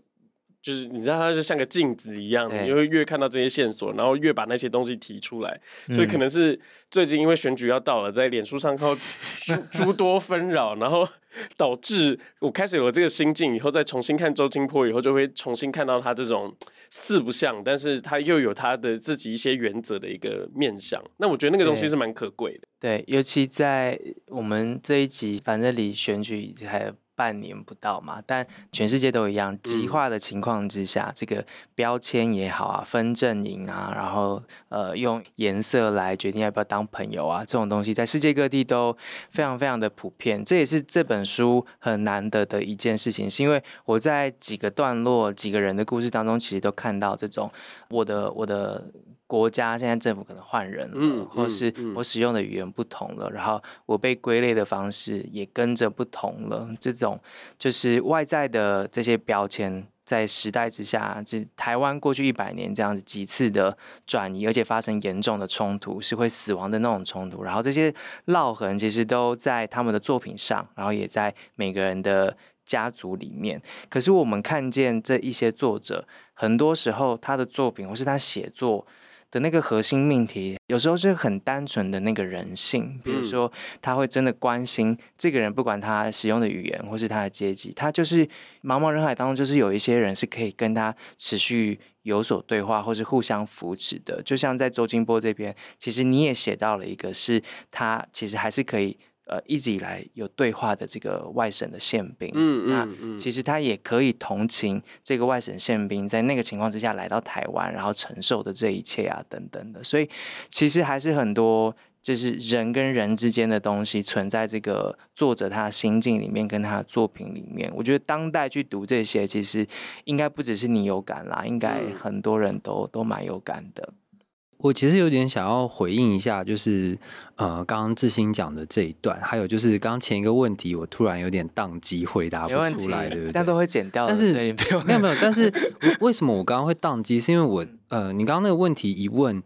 就是你知道，他就像個鏡子一樣，你會越看到這些線索，然後越把那些東西提出來，所以可能是最近因為選舉要到了，在臉書上靠諸多紛擾，然後導致我開始有了這個心境，以後再重新看周金波，以後就會重新看到他這種四不像，但是他又有他的自己一些原則的一個面相。那我覺得那個東西是蠻可貴的。
對，尤其在我們這一集，反正離選舉已經還。半年不到嘛，但全世界都一樣，極化的情況之下，嗯，這個標籤也好啊，分陣營啊，然後呃，用顏色來決定要不要當朋友啊，這種東西在世界各地都非常非常的普遍。這也是這本書很難得的一件事情，是因為我在幾個段落、幾個人的故事當中，其實都看到這種我的我的。我的國家現在政府可能換人嗯，或是我使用的語言不同了、嗯嗯，然後我被歸類的方式也跟着不同了。這種就是外在的這些標籤，在時代之下，這台灣過去一百年這樣子幾次的轉移，而且發生嚴重的衝突，是會死亡的那種衝突。然後這些烙痕其實都在他們的作品上，然後也在每個人的家族裡面。可是我們看見這一些作者，很多時候他的作品或是他寫作。的那個核心命題，有時候是很單純的那個人性，比如說他會真的關心這個人，不管他使用的語言或是他的階級，他就是茫茫人海當中，就是有一些人是可以跟他持續有所對話，或是互相扶持的。就像在周金波這邊，其實你也寫到了一個，是他其實還是可以。呃，一直以來有對話的這個外省的憲兵，嗯，那其實他也可以同情這個外省憲兵，在那個情況之下來到台灣，然後承受的這一切啊等等的，所以其實還是很多就是人跟人之間的東西存在。這個作者他的心境裡面跟他的作品裡面，我覺得當代去讀這些，其實應該不只是你有感啦，應該很多人都都蠻有感的。
我其實有點想要回應一下，就是呃，剛剛致亨講的這一段，還有就是剛剛前一個問題，我突然有點宕機，回答不出來，對不對？大家都會剪掉。但是沒有沒有，但是我 為什麼我剛剛會宕機？是因為我呃，你剛剛那個問題一問，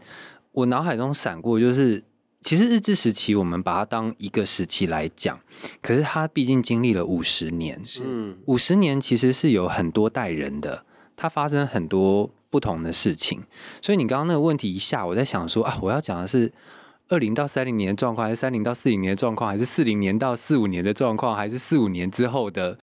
我腦海中閃過，就是其實日治時期我們把它當一個時期來講，可是它畢竟經歷了五十年，是五十年其實是有很多代人的，它發生很多。不同的事情，所以你剛剛那個問題一下，我在想說啊，我要講的是二零到三零年的狀況，還是三零到四零年的狀況，還是四零年到四五年的狀況，還是四五年之後的？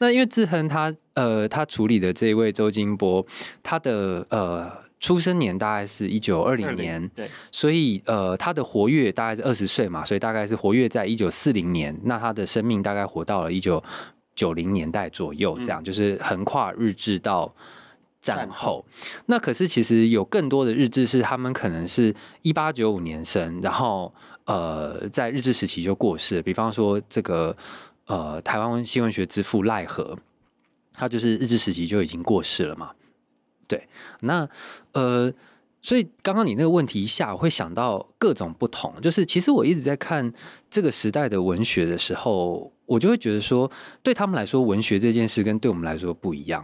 那因為致亨他呃，他處理的這一位周金波，他的呃出生年大概是一九二零年，對，所以呃他的活躍大概是二十歲嘛，所以大概是活躍在一九四零年，那他的生命大概活到了一九九零年代左右，這樣就是橫跨日治到。戰後，那可是其實有更多的日治是他們可能是1895年生，然後呃在日治時期就過世。比方說這個呃台灣新文學之父賴和，他就是日治時期就已經過世了嘛。對，那呃所以剛剛你那個問題一下，我會想到各種不同。就是其實我一直在看這個時代的文學的時候，我就會覺得說，對他們來說文學這件事跟對我們來說不一樣。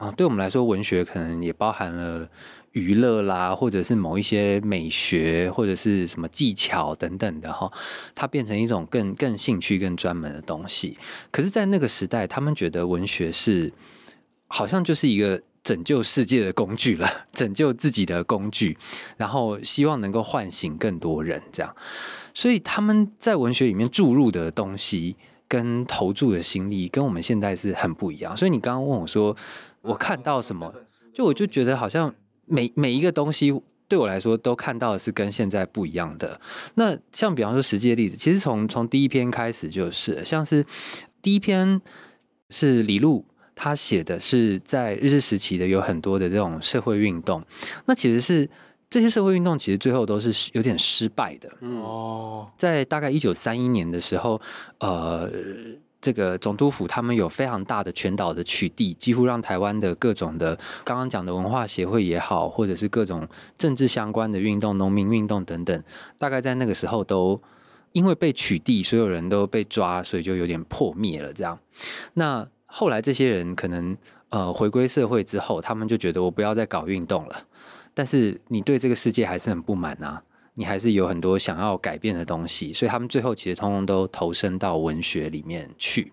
啊，對我們來說，文學可能也包含了娛樂啦，或者是某一些美學，或者是什麼技巧等等的哈。它變成一種更更興趣、更專門的東西。可是，在那個時代，他們覺得文學是好像就是一個拯救世界的工具了，拯救自己的工具，然後希望能夠喚醒更多人這樣。所以，他們在文學裡面注入的東西跟投注的心力，跟我們現在是很不一樣。所以，你剛剛問我說，我看到什麼，就我就覺得好像每每一個東西對我來說都看到的是跟現在不一樣的。那像比方說實際的例子，其實從從第一篇開始就是，像是第一篇是李路他寫的是在日治時期的有很多的這種社會運動，那其實是這些社會運動其實最後都是有點失敗的。哦，在大概一九三一年的時候，呃。這個總督府他們有非常大的全島的取締，幾乎讓台灣的各種的剛剛講的文化協會也好，或者是各種政治相關的運動、農民運動等等，大概在那個時候都因為被取締，所有人都被抓，所以就有點破滅了。這樣，那後來這些人可能呃回歸社會之後，他們就覺得我不要再搞運動了，但是你對這個世界還是很不滿啊。你還是有很多想要改變的東西，所以他們最後其實通通都投身到文學裡面去，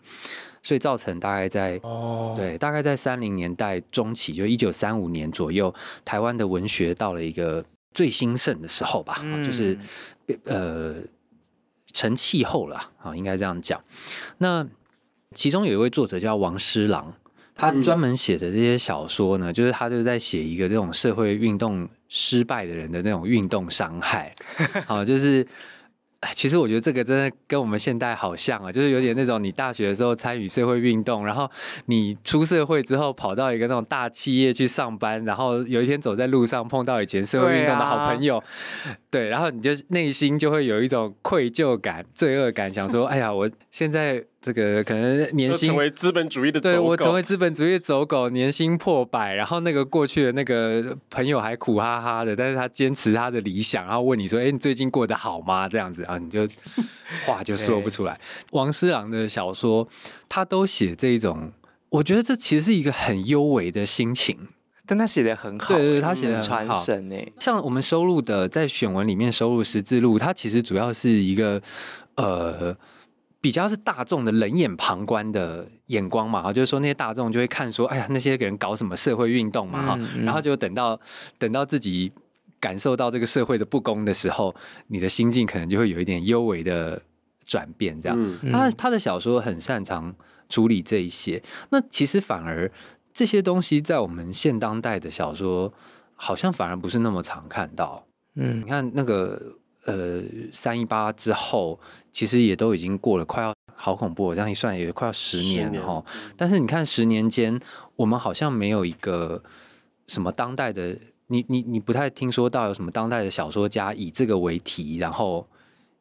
所以造成大概在哦對，大概在三零年代中期，就一九三五年左右，台灣的文學到了一個最興盛的時候吧，嗯、就是呃成氣候了啊，應該這樣講。那其中有一位作者叫王詩琅，他專門寫的這些小說呢，嗯、就是他就在寫一個這種社會運動。失敗的人的那種運動傷害，好，就是其實我覺得這個真的跟我們現代好像啊，就是有點那種你大學的時候參與社會運動，然後你出社會之後跑到一個那種大企業去上班，然後有一天走在路上碰到以前社會運動的好朋友，對啊、對，然後你就內心就會有一種愧疚感、罪惡感，想說：“哎呀，我現在。”這個可能年薪成為資本主義的走狗，對，我成為資本主義的走狗，年薪破百，然後那個過去的那個朋友還苦哈哈的，但是他堅持他的理想，然後問你說：“哎，你最近過得好嗎？”這樣子啊，然後你就話就說不出來。 王詩琅的小說，他都寫這種，我覺得這其實是一個很幽微的心情，但他寫得很好，對，他寫得，嗯，傳神。像我們收錄的在選文裡面收錄《十字路》，它其實主要是一個，呃。比較是大眾的冷眼旁觀的眼光嘛，就是說那些大眾就會看說，哎呀，那些人搞什麼社會運動嘛。嗯嗯，然後就等到等到自己感受到這個社會的不公的時候，你的心境可能就會有一點幽微的轉變，這樣。嗯嗯。他他的小說很擅長處理這一些，那其實反而這些東西在我們現當代的小說好像反而不是那麼常看到。嗯，你看那個呃，三一八之後。其實也都已經過了，快要好恐怖！這樣一算，也快要十年了。哦，但是你看，十年間，我們好像沒有一個什麼當代的，你你你不太聽說到有什麼當代的小說家以這個為題，然後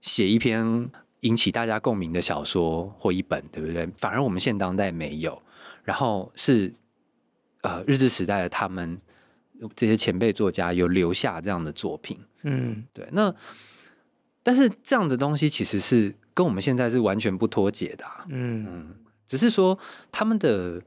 寫一篇引起大家共鳴的小說或一本，對不對？反而我們現當代沒有，然後是呃日治時代的他們這些前輩作家有留下這樣的作品，嗯，對，那。但是這樣的東西其實是跟我們現在是完全不脫節的。啊，嗯，嗯，只是說他們的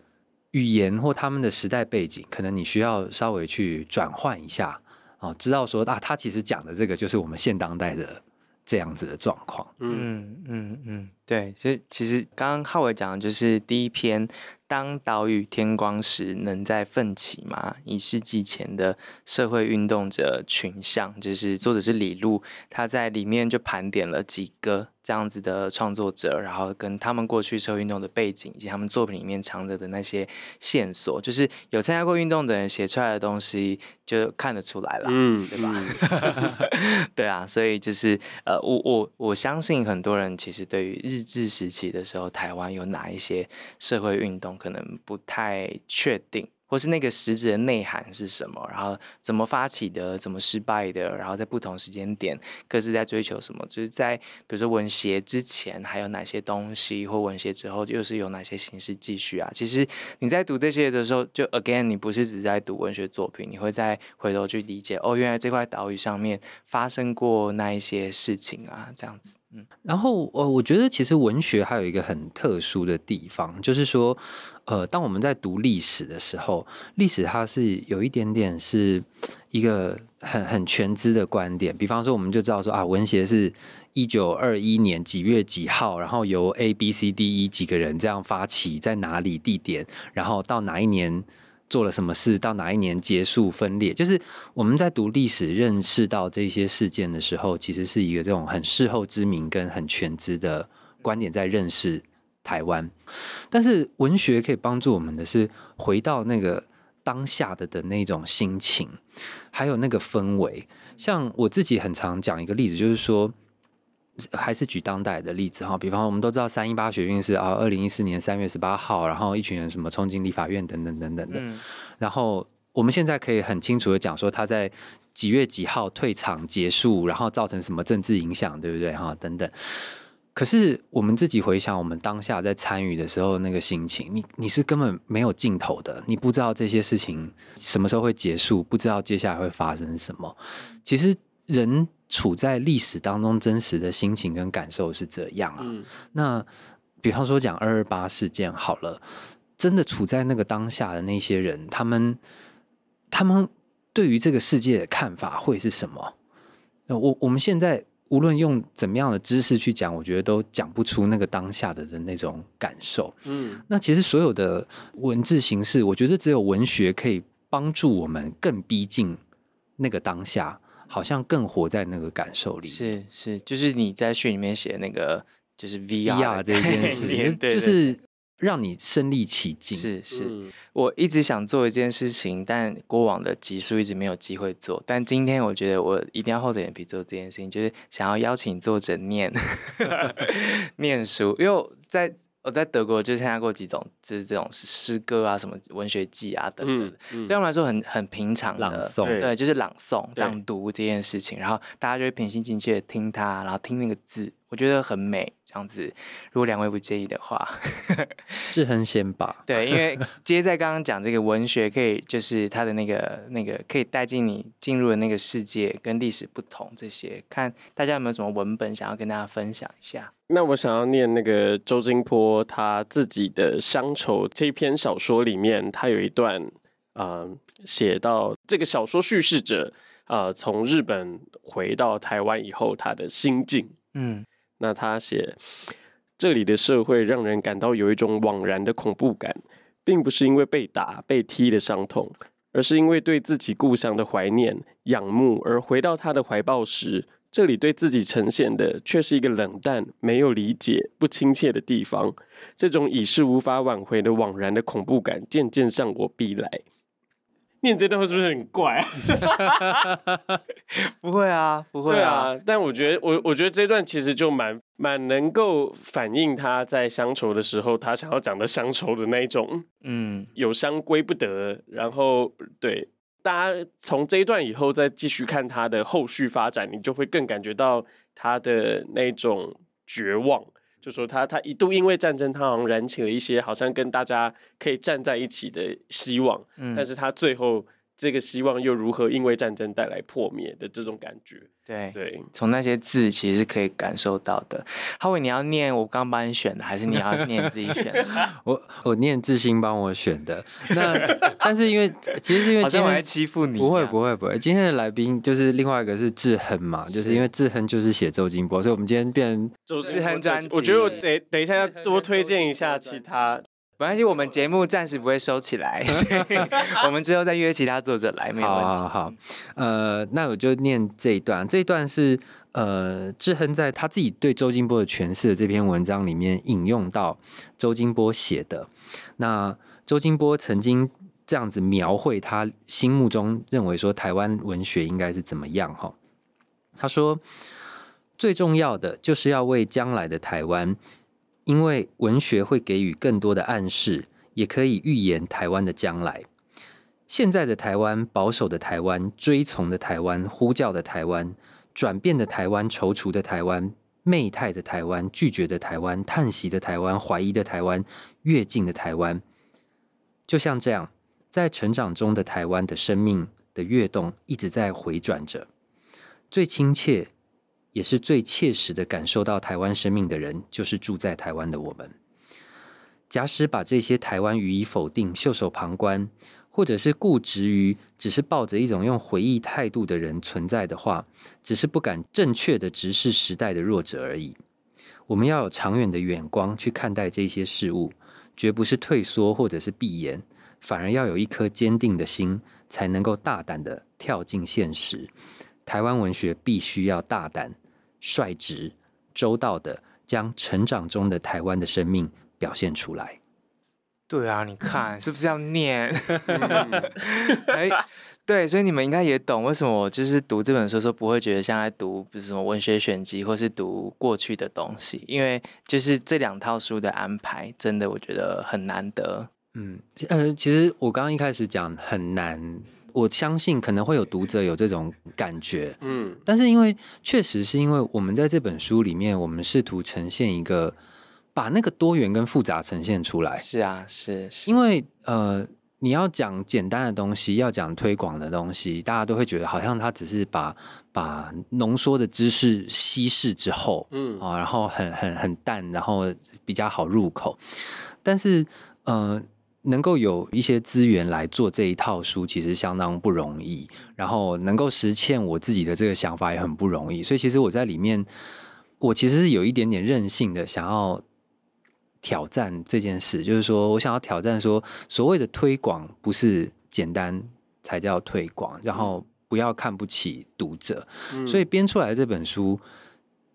語言或他們的時代背景，可能你需要稍微去轉換一下啊，哦，知道說啊，他其實講的這個就是我們現當代的這樣子的狀況，
嗯
嗯嗯，對，所以其實剛剛浩偉講的就是第一篇。
當島嶼天光時，能再奮起嗎？一世紀前的社會運動者群像，就是作者是李璐，他在裡面就盤點了幾個。這樣子的創作者，然後跟他們過去社會運動的背景，以及他們作品裡面藏着的那些線索，就是有參加過運動的人寫出來的東西，就看得出來了，
嗯，對吧？嗯、
對啊，所以就是呃，我我我相信很多人其實對於日治時期的時候，台灣有哪一些社會運動，可能不太確定。或是那個實質的內涵是什麼？然後怎麼發起的？怎麼失敗的？然後在不同時間點各自在追求什麼？就是在比如說文學之前還有哪些東西，或文學之後又是有哪些形式繼續啊？其實你在讀這些的時候，就 again，你不是只在讀文學作品，你會再回頭去理解哦，原來這塊島嶼上面發生過那一些事情啊，這樣子。嗯，
然後呃、哦，我覺得其實文學還有一個很特殊的地方，就是說。呃，當我們在讀歷史的時候，歷史它是有一點點是一個很很全知的觀點。比方說，我們就知道說啊，文協是一九二一年幾月幾號，然後由 A B C D E 幾個人這樣發起，在哪裡地點，然後到哪一年做了什麼事，到哪一年結束分裂。就是我們在讀歷史，認識到這些事件的時候，其實是一個這種很事後之明跟很全知的觀點在認識。台灣，但是文學可以幫助我們的是回到那個當下的的那種心情，還有那個氛圍。像我自己很常講一個例子，就是說，還是舉當代的例子哈，比方我們都知道三一八學運是啊，二零一四年三月十八號，然後一群人什麼衝進立法院等等等等的，嗯，然後我們現在可以很清楚的講說他在幾月幾號退場結束，然後造成什麼政治影響，對不對哈？等等。可是我們自己回想，我們當下在參與的時候的那個心情，你你是根本沒有盡頭的，你不知道這些事情什麼時候會結束，不知道接下來會發生什麼。其實人處在歷史當中，真實的心情跟感受是這樣啊。嗯，那比方說講二二八事件好了，真的處在那個當下的那些人，他們他們對於這個世界的看法會是什麼？我我們現在。無論用怎麼樣的知識去講，我覺得都講不出那個當下的人那種感受。嗯，那其實所有的文字形式，我覺得只有文學可以幫助我們更逼近那個當下，好像更活在那個感受裡。是
是，就是你在序裡面寫那個，就是 VR, VR 這件事， 就是。對對對對
讓你身歷其境。
是是，我一直想做一件事情，但過往的集數一直沒有機會做。但今天我覺得我一定要厚着臉皮做這件事情，就是想要邀請作者念 念書，因為我在我在德國就參加過幾種，就是這種詩歌啊、什麼文學祭啊等等，嗯嗯。對我們來說很很平常的朗誦，對，就是朗誦朗讀這件事情，然後大家就會平心靜氣的聽他，然後聽那個字，我覺得很美。這樣子，如果兩位不介意的話， 是很顯吧？對，因為接在剛剛講這個文學，可以就是他的那個 那個，可以帶進你進入的那個世界，跟歷史不同這些。看大家有沒有什麼文本想要跟大家分享一下？
那我想要念那個周金波他自己的《鄉愁》這一篇小說裡面，他有一段啊，寫、呃、到這個小說敘事者啊，從、呃、日本回到台灣以後他的心境，嗯。那他寫，這裡的社會讓人感到有一種枉然的恐怖感，並不是因為被打、被踢的傷痛，而是因為對自己故鄉的懷念、仰慕而回到他的懷抱時，這裡對自己呈現的卻是一個冷淡、沒有理解、不親切的地方。這種已是無法挽回的枉然的恐怖感，漸漸向我逼來。念這段會是不是很怪啊？ ？
不會啊，不會啊。對啊，
但我覺得，我我覺得這段其實就蠻蠻能夠反映他在鄉愁的時候，他想要講的鄉愁的那一種。嗯，有鄉歸不得，然後對大家從這一段以後再繼續看他的後續發展，你就會更感覺到他的那種絕望。就是、說他，他一度因為戰爭，他好像燃起了一些，好像跟大家可以站在一起的希望，嗯、但是他最後。這個希望又如何？因為戰爭帶來破滅的這種感覺，對對，
從那些字其實是可以感受到的。浩偉，你要念我剛剛幫你選的，還是你要念自己選的
我？我我念致亨幫我選的。那但是因為其實是因為今天來欺負你、啊，不會不會不會。今天的來賓就是另外一個是致亨嘛，是就是因為致亨就是寫周金波，所以我們今天變周
致亨。我覺得我等等一下要多推薦一下其他。沒關係，我們節目暫時不會收起來，
我們之後再約其他作者來，沒有啊，好，好，好，好，呃，那我就念這一段，這一段是呃，致亨在他自己對周金波的詮釋的這篇文章裡面引用到周金波寫的。那周金波曾經這樣子描繪他心目中認為說台灣文學應該是怎麼樣哈？他說最重要的就是要為將來的台灣。因為文學會給予更多的暗示，也可以預言台灣的將來。現在的台灣，保守的台灣，追從的台灣，呼叫的台灣，轉變的台灣，躊躇的台灣，媚態的台灣，拒絕的台灣，嘆息的台灣，懷疑的台灣，越境的台灣，就像這樣，在成長中的台灣的生命的躍動，一直在回轉着，最親切。也是最切實的感受到台灣生命的人，就是住在台灣的我們。假使把這些台灣予以否定、袖手旁觀，或者是固執於只是抱着一種用回憶態度的人存在的話，只是不敢正確的直視時代的弱者而已。我們要有長遠的眼光去看待這些事物，絕不是退縮或者是閉眼，反而要有一顆堅定的心，才能夠大膽的跳進現實。台灣文學必須要大膽。率直、周到的將成長中的台灣的生命表現出來。
對啊，你看是不是要念？哎、 嗯欸，對，所以你們應該也懂為什麼我就是讀這本書，時候不會覺得像在讀不是什麼文學選集，或是讀過去的東
西，因為就是這兩套書的安排，真的我覺得很難得。嗯嗯、呃，其實我剛剛一開始講很難。我相信可能會有讀者有這種感覺，嗯，但是因為確實是因為我們在這本書裡面，我們試圖呈現一個把那個多元跟複雜呈現出來，是啊，是，是因為呃，你要講簡單的東西，要講推廣的東西，大家都會覺得好像他只是把把濃縮的知識稀釋之後，嗯啊，然後很很很淡，然後比較好入口，但是呃。能夠有一些資源來做這一套書，其實相當不容易。然後能夠實現我自己的這個想法也很不容易。所以，其實我在裡面，我其實是有一點點任性的，想要挑戰這件事。就是說我想要挑戰說，所謂的推廣不是簡單才叫推廣，然後不要看不起讀者。所以編出來這本書。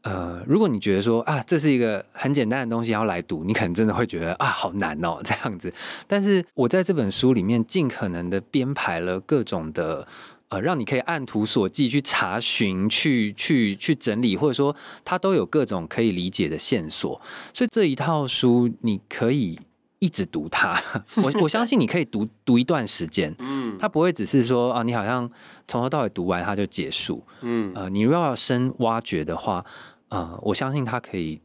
呃，如果你覺得說啊，這是一個很簡單的東西要來讀，你可能真的會覺得啊，好難哦，這樣子。但是，我在這本書裡面盡可能的編排了各種的，呃，讓你可以按圖索驥去查詢、去去去整理，或者說它都有各種可以理解的線索。所以這一套書你可以一直讀它，我 我相信你可以讀讀一段時間，嗯，它不會只是說啊，你好像從頭到尾讀完它就結束，嗯，呃，你如果要深挖掘的話。呃、嗯，我相信他可以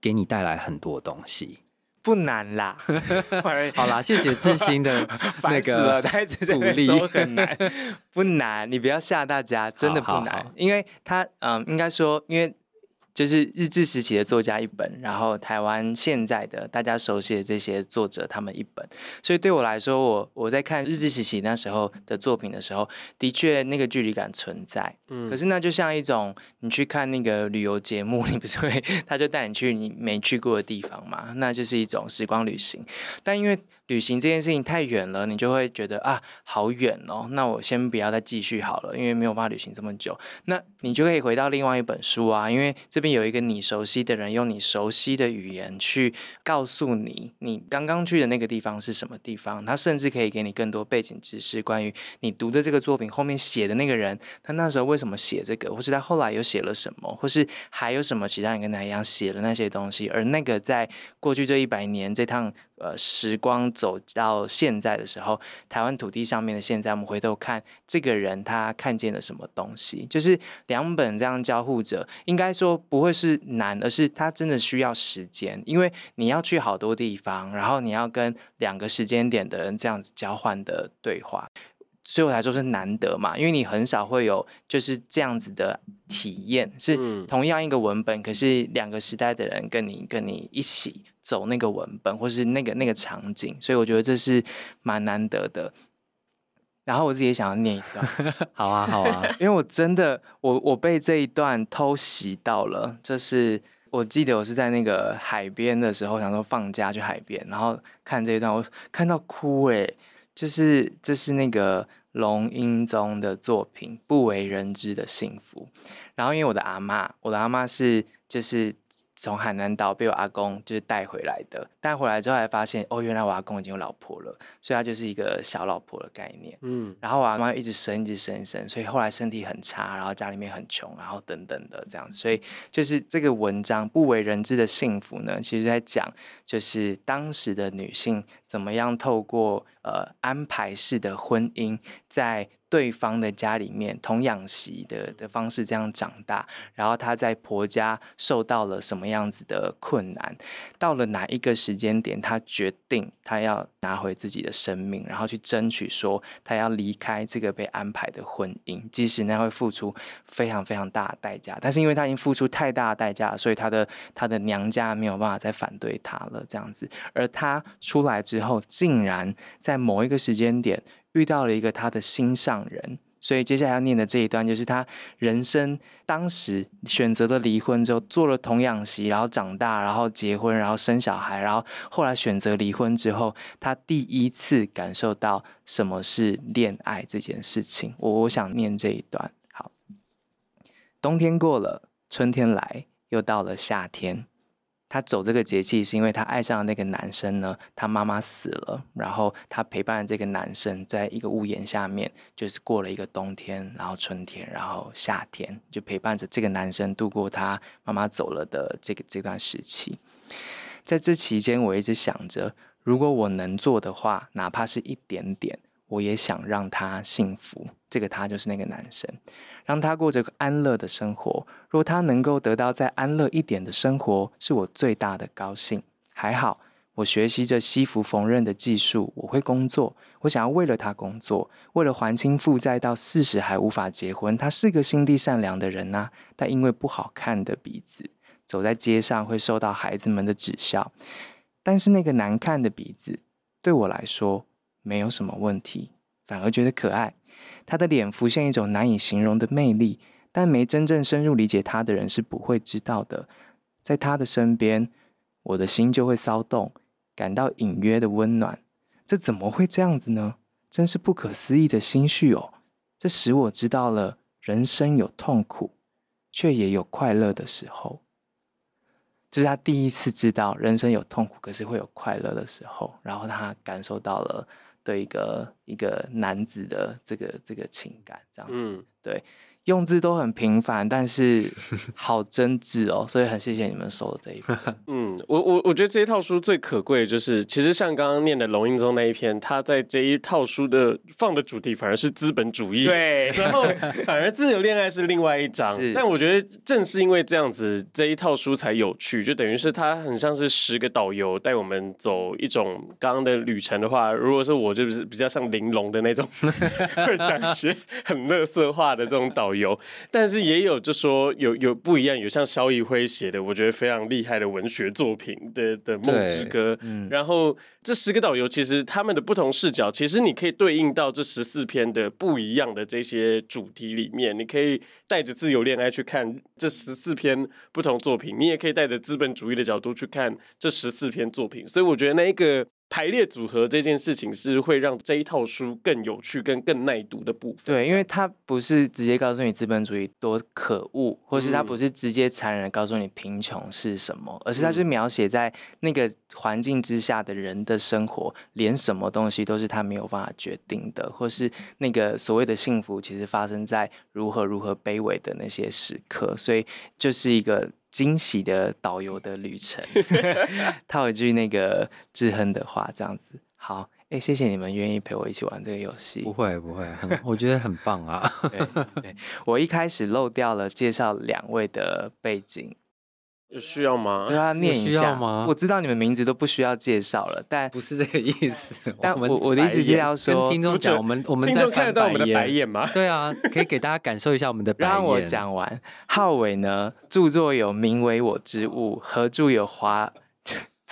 給你帶來很多東西，不難啦。 好啦，謝謝致亨的那個鼓勵， 很難，
不難，你不要嚇大家，真的不難，好好好，因為他，嗯，應該說，因為。就是日治時期的作家一本，然後台灣現在的大家熟悉的這些作者他們一本，所以對我來說，我我在看日治時期那時候的作品的時候，的確那個距離感存在。嗯，可是那就像一種你去看那個旅遊節目，你不是會他就帶你去你沒去過的地方嘛？那就是一種時光旅行。但因為。旅行這件事情太遠了，你就會覺得啊，好遠哦。那我先不要再繼續好了，因為沒有辦法旅行這麼久。那你就可以回到另外一本書啊，因為這邊有一個你熟悉的人，用你熟悉的語言去告訴你，你剛剛去的那個地方是什麼地方。他甚至可以給你更多背景知識，關於你讀的這個作品後面寫的那個人，他那時候為什麼寫這個，或是他後來又寫了什麼，或是還有什麼其他人跟他一樣寫的那些東西。而那個在過去這一百年這趟。呃，時光走到現在的時候，台灣土地上面的現在，我們回頭看這個人，他看見了什麼東西？就是兩本這樣交互者，應該說不會是難，而是他真的需要時間，因為你要去好多地方，然後你要跟兩個時間點的人這樣子交換的對話，所以我來說是難得嘛，因為你很少會有就是這樣子的體驗，是同樣一個文本，嗯、可是兩個時代的人跟你跟你一起走那個文本，或是那個那個場景，所以我覺得這是蠻難得的。然後我自己也想要念一段， 好啊，好啊，因為我真的，我我被這一段偷襲到了。就是我記得我是在那個海邊的時候，想說放假去海邊，然後看這一段，我看到哭哎，欸，就是這是那個龍瑛宗的作品《不為人知的幸福》。然後因為我的阿嬤，我的阿嬤是就是。從海南島被我阿公就是帶回來的，帶回來之後還發現，哦，原來我阿公已經有老婆了，所以他就是一個小老婆的概念。嗯，然後我阿媽一直生，一直生，生，所以後來身體很差，然後家裡面很窮，然後等等的這樣子，所以就是這個文章不為人知的幸福呢，其實在講就是當時的女性怎麼樣透過呃安排式的婚姻在。對方的家裡面童養媳的的方式這樣長大，然後她在婆家受到了什麼樣子的困難？到了哪一個時間點，她決定她要拿回自己的生命，然後去爭取說她要離開這個被安排的婚姻，即使呢，會付出非常非常大的代價。但是因為她已經付出太大的代價，所以她的她的娘家沒有辦法再反對她了。這樣子，而她出來之後，竟然在某一個時間點。遇到了一個他的心上人，所以接下來要念的這一段，就是他人生當時選擇了離婚之後，做了童養媳，然後長大，然後結婚，然後生小孩，然後後來選擇離婚之後，他第一次感受到什麼是戀愛這件事情。我我想念這一段。好，冬天過了，春天來，又到了夏天。他走這個節氣，是因為他愛上了那個男生呢。他媽媽死了，然後他陪伴這個男生，在一個屋檐下面，就是過了一個冬天，然後春天，然後夏天，就陪伴着這個男生度過他媽媽走了的這個這段時期。在這期間，我一直想着，如果我能做的話，哪怕是一點點，我也想讓他幸福。這個他就是那個男生。讓他過着個安樂的生活。若他能夠得到再安樂一點的生活，是我最大的高興。還好，我學習着西服縫紉的技術，我會工作。我想要為了他工作，為了還清負債到四十還無法結婚。他是個心地善良的人吶、啊，但因為不好看的鼻子，走在街上會受到孩子們的恥笑。但是那個難看的鼻子對我來說沒有什麼問題，反而覺得可愛。他的臉浮現一種難以形容的魅力，但沒真正深入理解他的人是不會知道的。在他的身邊，我的心就會騷動，感到隱約的溫暖。這怎麼會這樣子呢？真是不可思議的心緒哦！這使我知道了，人生有痛苦，卻也有快樂的時候。這是她第一次知道，人生有痛苦，可是會有快樂的時候。然後她感受到了。對，一個一個男子的這個這個情感，這樣子，嗯、對。用字都很平凡，但是好真摯哦，所以很謝謝你們收了這一本。嗯，
我我我覺得這一套書最可貴的就是，其實像剛剛念的龍瑛宗那一篇，他在這一套書的放的主題反而是資本主義。對，然後 反而自由戀愛是另外一章。但我覺得正是因為這樣子，這一套書才有趣，就等於是他很像是十個導遊帶我們走一種剛剛的旅程的話，如果是我，就是比較像玲瓏的那種， 會講一些很垃圾話的這種導。有，但是也有就說有有不一樣，有像蕭一輝寫的，我覺得非常厲害的文學作品的的《夢之歌》，然後這十個導遊其實他們的不同視角，其實你可以對應到這十四篇的不一樣的這些主題裡面，你可以帶着自由戀愛去看這十四篇不同作品，你也可以帶着資本主義的角度去看這十四篇作品，所以我覺得那一個。排列組合這件事情是會讓這一套書更有趣，更更耐讀的部
分。對，因為它不是直接告訴你資本主義多可惡，或是它不是直接殘忍地告訴你貧窮是什麼，嗯、而是它就是描寫在那個環境之下的人的生活，嗯，連什麼東西都是他沒有辦法決定的，或是那個所謂的幸福，其實發生在如何如何卑微的那些時刻，所以就是一個。驚喜的導遊的旅程。 套一句那個致亨的話，這樣子好。哎、欸，謝謝你們願意陪我一起玩這個遊戲。不會不會， 我覺得很棒啊 對對。我一開始漏掉了介紹兩位的背景。需要嗎？
對啊，念一下需要嗎？我
知道你們名字都不需要介紹了，但不是這個意思。 但我我的意思是要說，聽眾講我們聽，我們在聽眾看得到我們的白眼嗎？ 對啊，可以給大家感受一下我們的白眼。白 當我講完，浩偉呢，著作有《名為我之物》，合著有華。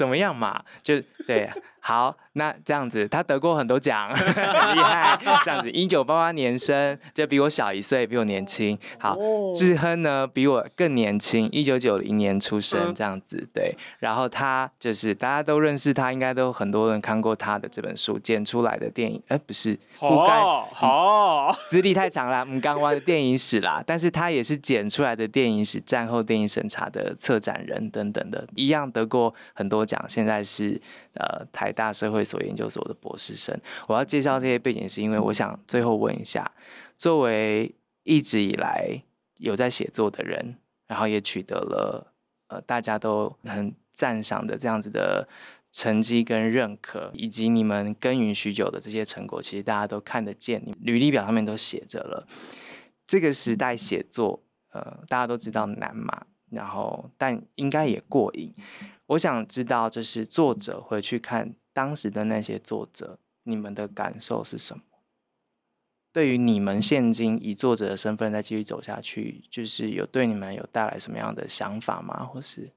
怎麼樣嘛？就對，好，那這樣子，他得過很多獎，很厲害。這樣子，一九八八年生，就比我小一歲，比我年輕。好，致亨呢，比我更年輕，一九九零年出生，這樣子，對。然後他就是大家都認識他，應該都很多人看過他的這本書，剪出來的電影。哎、呃，不是，不該，好哦。資歷、哦、太長了，我們剛挖的電影史啦。但是他也是剪出來的電影史，戰後電影審查的策展人等等的，一樣得過很多。講現在是呃台大社會所研究所的博士生，我要介紹這些背景，是因為我想最後問一下，作為一直以來有在寫作的人，然後也取得了呃大家都很讚賞的這樣子的成績跟認可，以及你們耕耘許久的這些成果，其實大家都看得見，你履歷表上面都寫着了。這個時代寫作，呃，大家都知道難嘛，然後但應該也過癮。我想知道，就是作者回去看當時的那些作者，你們的感受是什麼？對於你們現今以作者的身份再繼續走下去，就是有對你們有帶來什麼樣的想法嗎？或是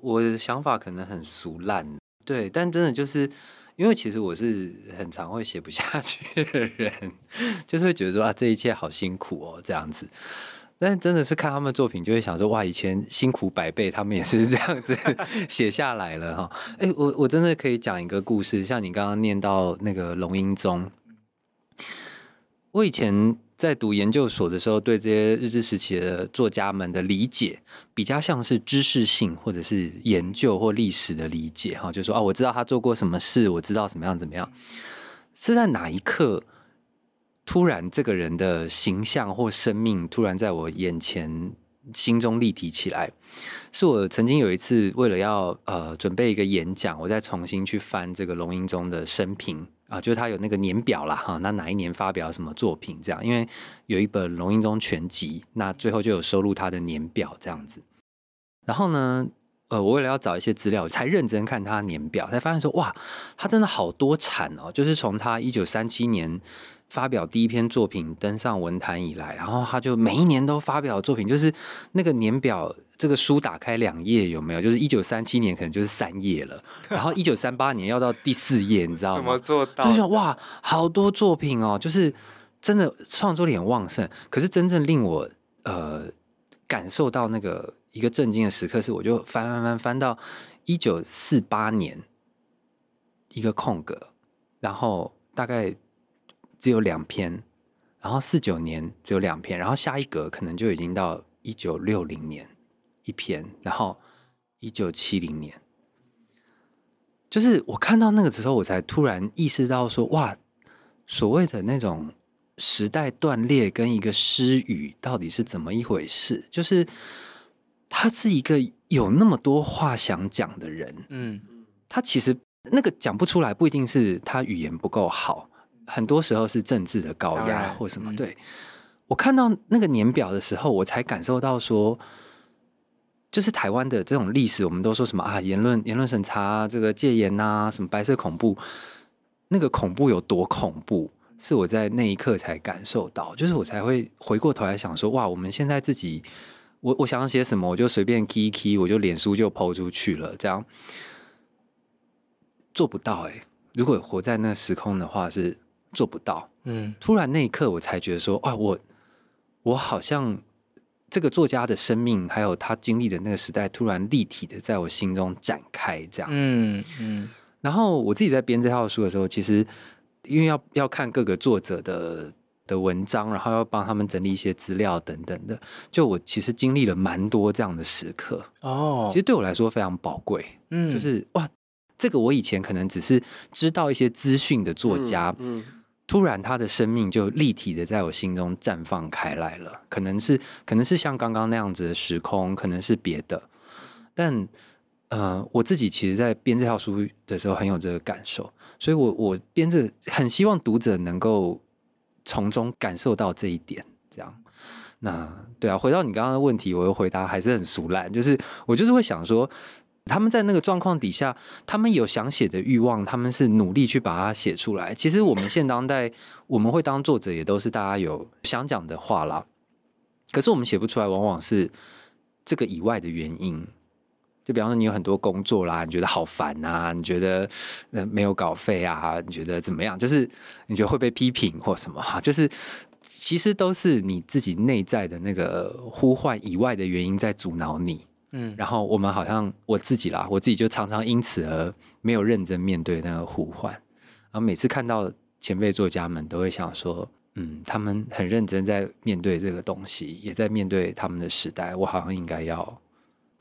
我的想法可能很俗爛，對，但真的就是因為其實我是很常會寫不下去的人，就是會覺得說啊，這一切好辛苦哦，這樣子。但是真的是看他們作品，就會想說哇，以前辛苦百倍，他們也是這樣子寫 下來了哈。哎、欸，我我真的可以講一個故事，像你剛剛念到那個龍瑛宗。我以前在讀研究所的時候，對這些日治時期的作家們的理解，比較像是知識性或者是研究或歷史的理解哈，就說啊，我知道他做過什麼事，我知道怎麼樣怎麼樣，是在哪一刻。突然，這個人的形象或生命突然在我眼前、心中立體起來。是我曾經有一次為了要呃準備一個演講，我再重新去翻這個龍瑛宗的生平啊、呃，就是他有那個年表啦哈。那哪一年發表什麼作品這樣？因為有一本《龍瑛宗全集》，那最後就有收錄他的年表這樣子。然後呢，呃，我為了要找一些資料，我才認真看他年表，才發現說哇，他真的好多產哦、喔，就是從他一九三七年。發表第一篇作品登上文壇以來，然後他就每一年都發表的作品，就是那個年表，這個書打開兩頁有沒有？就是一九三七年可能就是三頁了，然後一九三八年要到第四頁， 你知道嗎？就哇，好多作品哦，就是真的創作力很旺盛。可是真正令我呃感受到那個一個震驚的時刻是，我就翻翻翻翻到一九四八年一個空格，然後大概。只有兩篇，然後四九年只有兩篇，然後下一格可能就已經到一九六零年一篇，然後一九七零年，就是我看到那個時候，我才突然意識到說，哇，所謂的那種時代斷裂跟一個失語到底是怎麼一回事？就是他是一個有那麼多話想講的人，嗯，他其實那個講不出來，不一定是他語言不夠好。很多時候是政治的高壓或什麼。啊嗯、對我看到那個年表的時候，我才感受到說，就是台灣的這種歷史，我們都說什麼啊，言論言論審查、啊，這個戒嚴啊，什麼白色恐怖，那個恐怖有多恐怖，是我在那一刻才感受到，就是我才會回過頭來想說，哇，我們現在自己，我我想要寫什麼，我就隨便 K 一 K，我就臉書就拋出去了，這樣做不到哎、欸，如果活在那個時空的話是，做不到，嗯，突然那一刻我才覺得說，啊，我我好像這個作家的生命，還有他經歷的那個時代，突然立體的在我心中展開，這樣子，嗯嗯。然後我自己在編這套書的時候，其實因為要要看各個作者的的文章，然後要幫他們整理一些資料等等的，就我其實經歷了蠻多這樣的時刻，
哦，其實
對我來說非常寶貴，嗯，就是哇，這個我以前可能只是知道一些資訊的作家，嗯。嗯突然，他的生命就立體的在我心中綻放開來了。可能是，可能是像剛剛那樣子的時空，可能是別的。但，呃，我自己其實，在編這套書的時候，很有這個感受。所以我，我我編着，很希望讀者能夠從中感受到這一點。這樣，那對啊，回到你剛剛的問題，我又回答還是很俗爛，就是我就是會想說。他們在那個狀況底下，他們有想寫的慾望，他們是努力去把它寫出來。其實我們現當代， 我們會當作者，也都是大家有想講的話啦。可是我們寫不出來，往往是這個以外的原因。就比方說，你有很多工作啦，你覺得好煩啊，你覺得呃沒有稿費啊，你覺得怎麼樣？就是你覺得會被批評或什麼，就是其實都是你自己內在的那個呼喚以外的原因在阻撓你。嗯，然後我們好像我自己啦，我自己就常常因此而沒有認真面對那個呼喚，然後每次看到前輩作家們，都會想說，嗯，他們很認真在面對這個東西，也在面對他們的時代，我好像應該要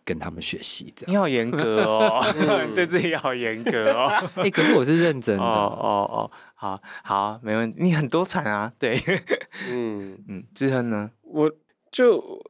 跟他們學習。這樣，你好嚴
格哦、 嗯，對自己好嚴格哦，哎、 欸，可是我是
認真的，哦哦哦，
好好，沒問題，你很多產啊，對，嗯嗯，致亨呢，我。就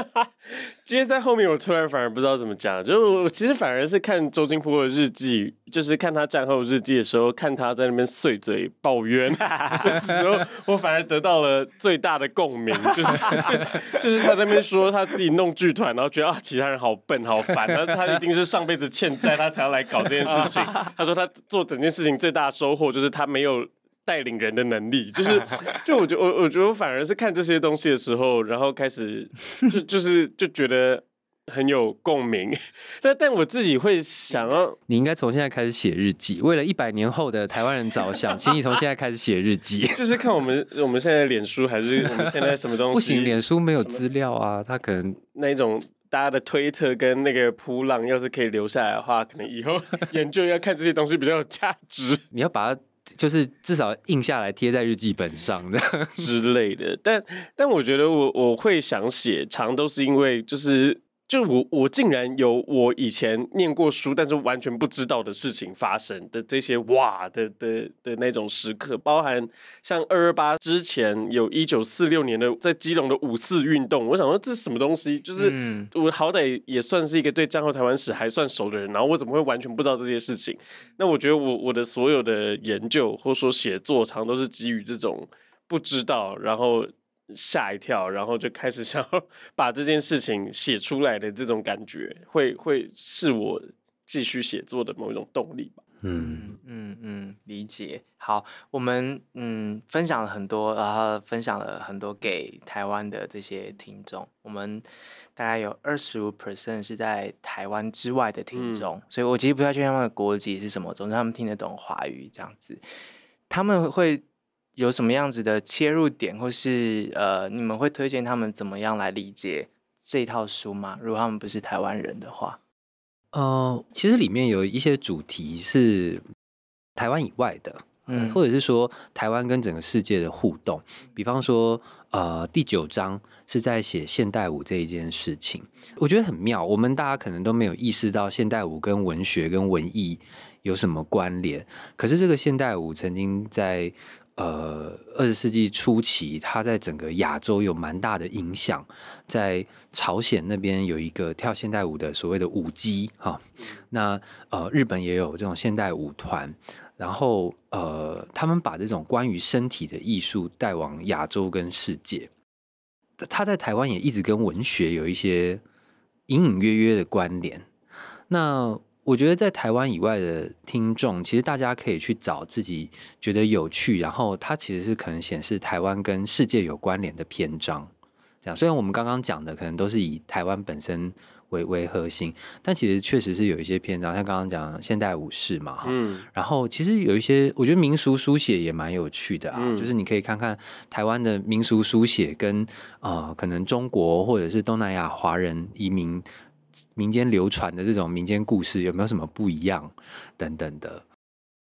今天在後面，我突然反而不知道怎麼講。就我
其實反而是看周金波的日記，就是看他戰後日記的時候，看他在那邊碎嘴抱怨哈哈的時候，我反而得到了最大的共鳴。就是他就是他那邊說他自己弄劇團，然後覺得啊其他人好笨好煩，然後他，他一定是上輩子欠債，他才要來搞這件事情。 他說他做整件事情最大的收穫就是他沒有。帶領人的能力，就是就我覺得我我覺得我反而是看這些東西的時候，然後開始就就是就覺得很有共鳴。但但
我自己會想、啊，你應該從現在開始寫日記，為了一百年後的台灣人着想， 請你從現在開始寫日記。就是看我們
我們現在臉書還是我們現在什麼東西？ 不行，臉書沒有資
料啊，他可能
那種大家的推特跟那個噗浪，要是可以留下來的話，可能以後研究要看這些東西比較有價值。 你要把它。就是至少印下來貼在日記本上的之類的，但但我覺得我我會想寫，常都是因為就是。就我，我竟然有我以前念過書，但是完全不知道的事情發生的這些哇的的的，的那種時刻，包含像二二八之前有一九四六年的在基隆的五四運動，我想說，這是什麼東西？就是我好歹也算是一個對戰後台灣史還算熟的人，然後我怎麼會完全不知道這些事情？那我覺得我我的所有的研究或說寫作，常常都是基於這種不知道，然後。嚇一跳，然後就開始想要把這件事情寫出來的這種感覺，會，會會是
我繼續寫作的某一種動力吧。嗯嗯嗯，理解。好，我們嗯分享了很多，然後分享了很多給台灣的這些聽眾。我們大概有二十五 percent 是在台灣之外的聽眾，嗯、所以我其實不太確定他們的國籍是什麼，總之他們聽得懂華語這樣子，他們會。有什麼樣子的切入點，或是呃，你們會推薦他們怎麼樣來理解這套書嗎？如果他們不是台灣人的話，
呃，其實裡面有一些主題是台灣以外的，嗯，或者是說台灣跟整個世界的互動。比方說，呃，第九章是在寫現代舞這一件事情，我覺得很妙。我們大家可能都沒有意識到現代舞跟文學跟文藝有什麼關聯，可是這個現代舞曾經在呃，二十世紀初期，他在整個亞洲有蠻大的影響，在朝鮮那邊有一個跳現代舞的所謂的舞姬哈，那呃，日本也有這種現代舞團，然後呃，他們把這種關於身體的藝術帶往亞洲跟世界，他在台灣也一直跟文學有一些隱隱約約的關聯，那。我覺得在台灣以外的聽眾，其實大家可以去找自己覺得有趣，然後它其實是可能顯示台灣跟世界有關聯的篇章。這樣，雖然我們剛剛講的可能都是以台灣本身為為核心，但其實確實是有一些篇章，像剛剛講現代武士嘛，嗯，然後其實有一些，我覺得民俗書寫也蠻有趣的啊，啊、嗯。就是你可以看看台灣的民俗書寫跟啊、呃，可能中國或者是東南亞華人移民，民間流傳的這種民間故事有沒有什麼不一樣？等等的，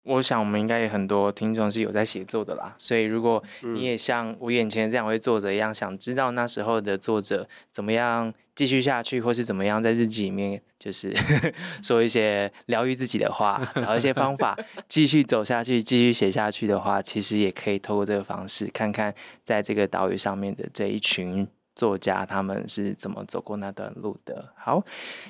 我想我們應該有很多聽眾
是有在寫作的啦，所以如果你也像我眼前這兩位作者一樣，想知道那時候的作者怎麼樣繼續下去，或是怎麼樣在日記裡面就是呵呵說一些療癒自己的話，找一些方法繼續走下去， 繼續寫下去的話，其實也可以透過這個方式，看看在這個島嶼上面的這一群。作家，他們是怎麼走過那段路的？好，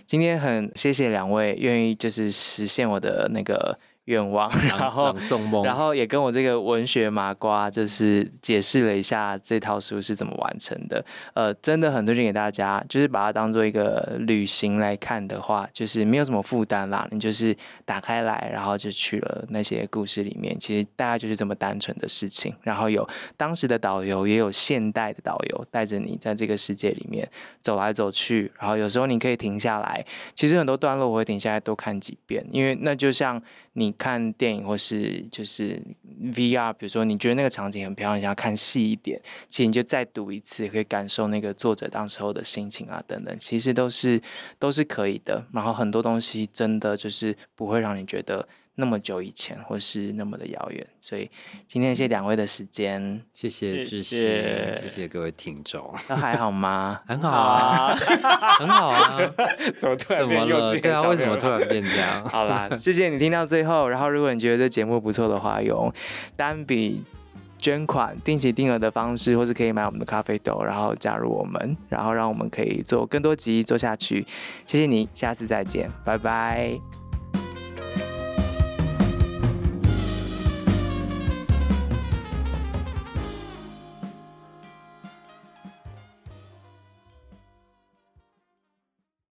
今天很謝謝兩位願意就是實現我的那個願望，然後 然後也跟我這個文學麻瓜，就是解釋了一下這套書是怎麼完成的。呃，真的很推薦給大家，就是把它當做一個旅行來看的話，就是沒有什麼負擔啦。你就是打開來，然後就去了那些故事裡面。其實大家就是這麼單純的事情。然後有當時的導遊，也有現代的導遊帶着你在這個世界裡面走來走去。然後有時候你可以停下來，其實很多段落我會停下來多看幾遍，因為那就像。你看電影或是就是 VR，比如說你覺得那個場景很漂亮，你想要看細一點，其實你就再讀一次，可以感受那個作者當時候的心情啊，等等，其實都是都是可以的。然後很多東西真的就是不會讓你覺得。那麼久以前，或是那麼的遙遠，所以今天謝謝兩位的時間，謝謝謝謝謝謝各位聽眾，那還好嗎？ 很好啊，好啊
很好啊， 怎麼突然變又這樣？對啊，為什麼突然變這樣？ 好啦，
謝謝你聽到最後，然後如果你覺得這節目不錯的話，用單筆捐款、定期定額的方式，或是可以買我們的咖啡豆，然後加入我們，然後讓我們可以做更多集做下去。謝謝你，下次再見，拜拜。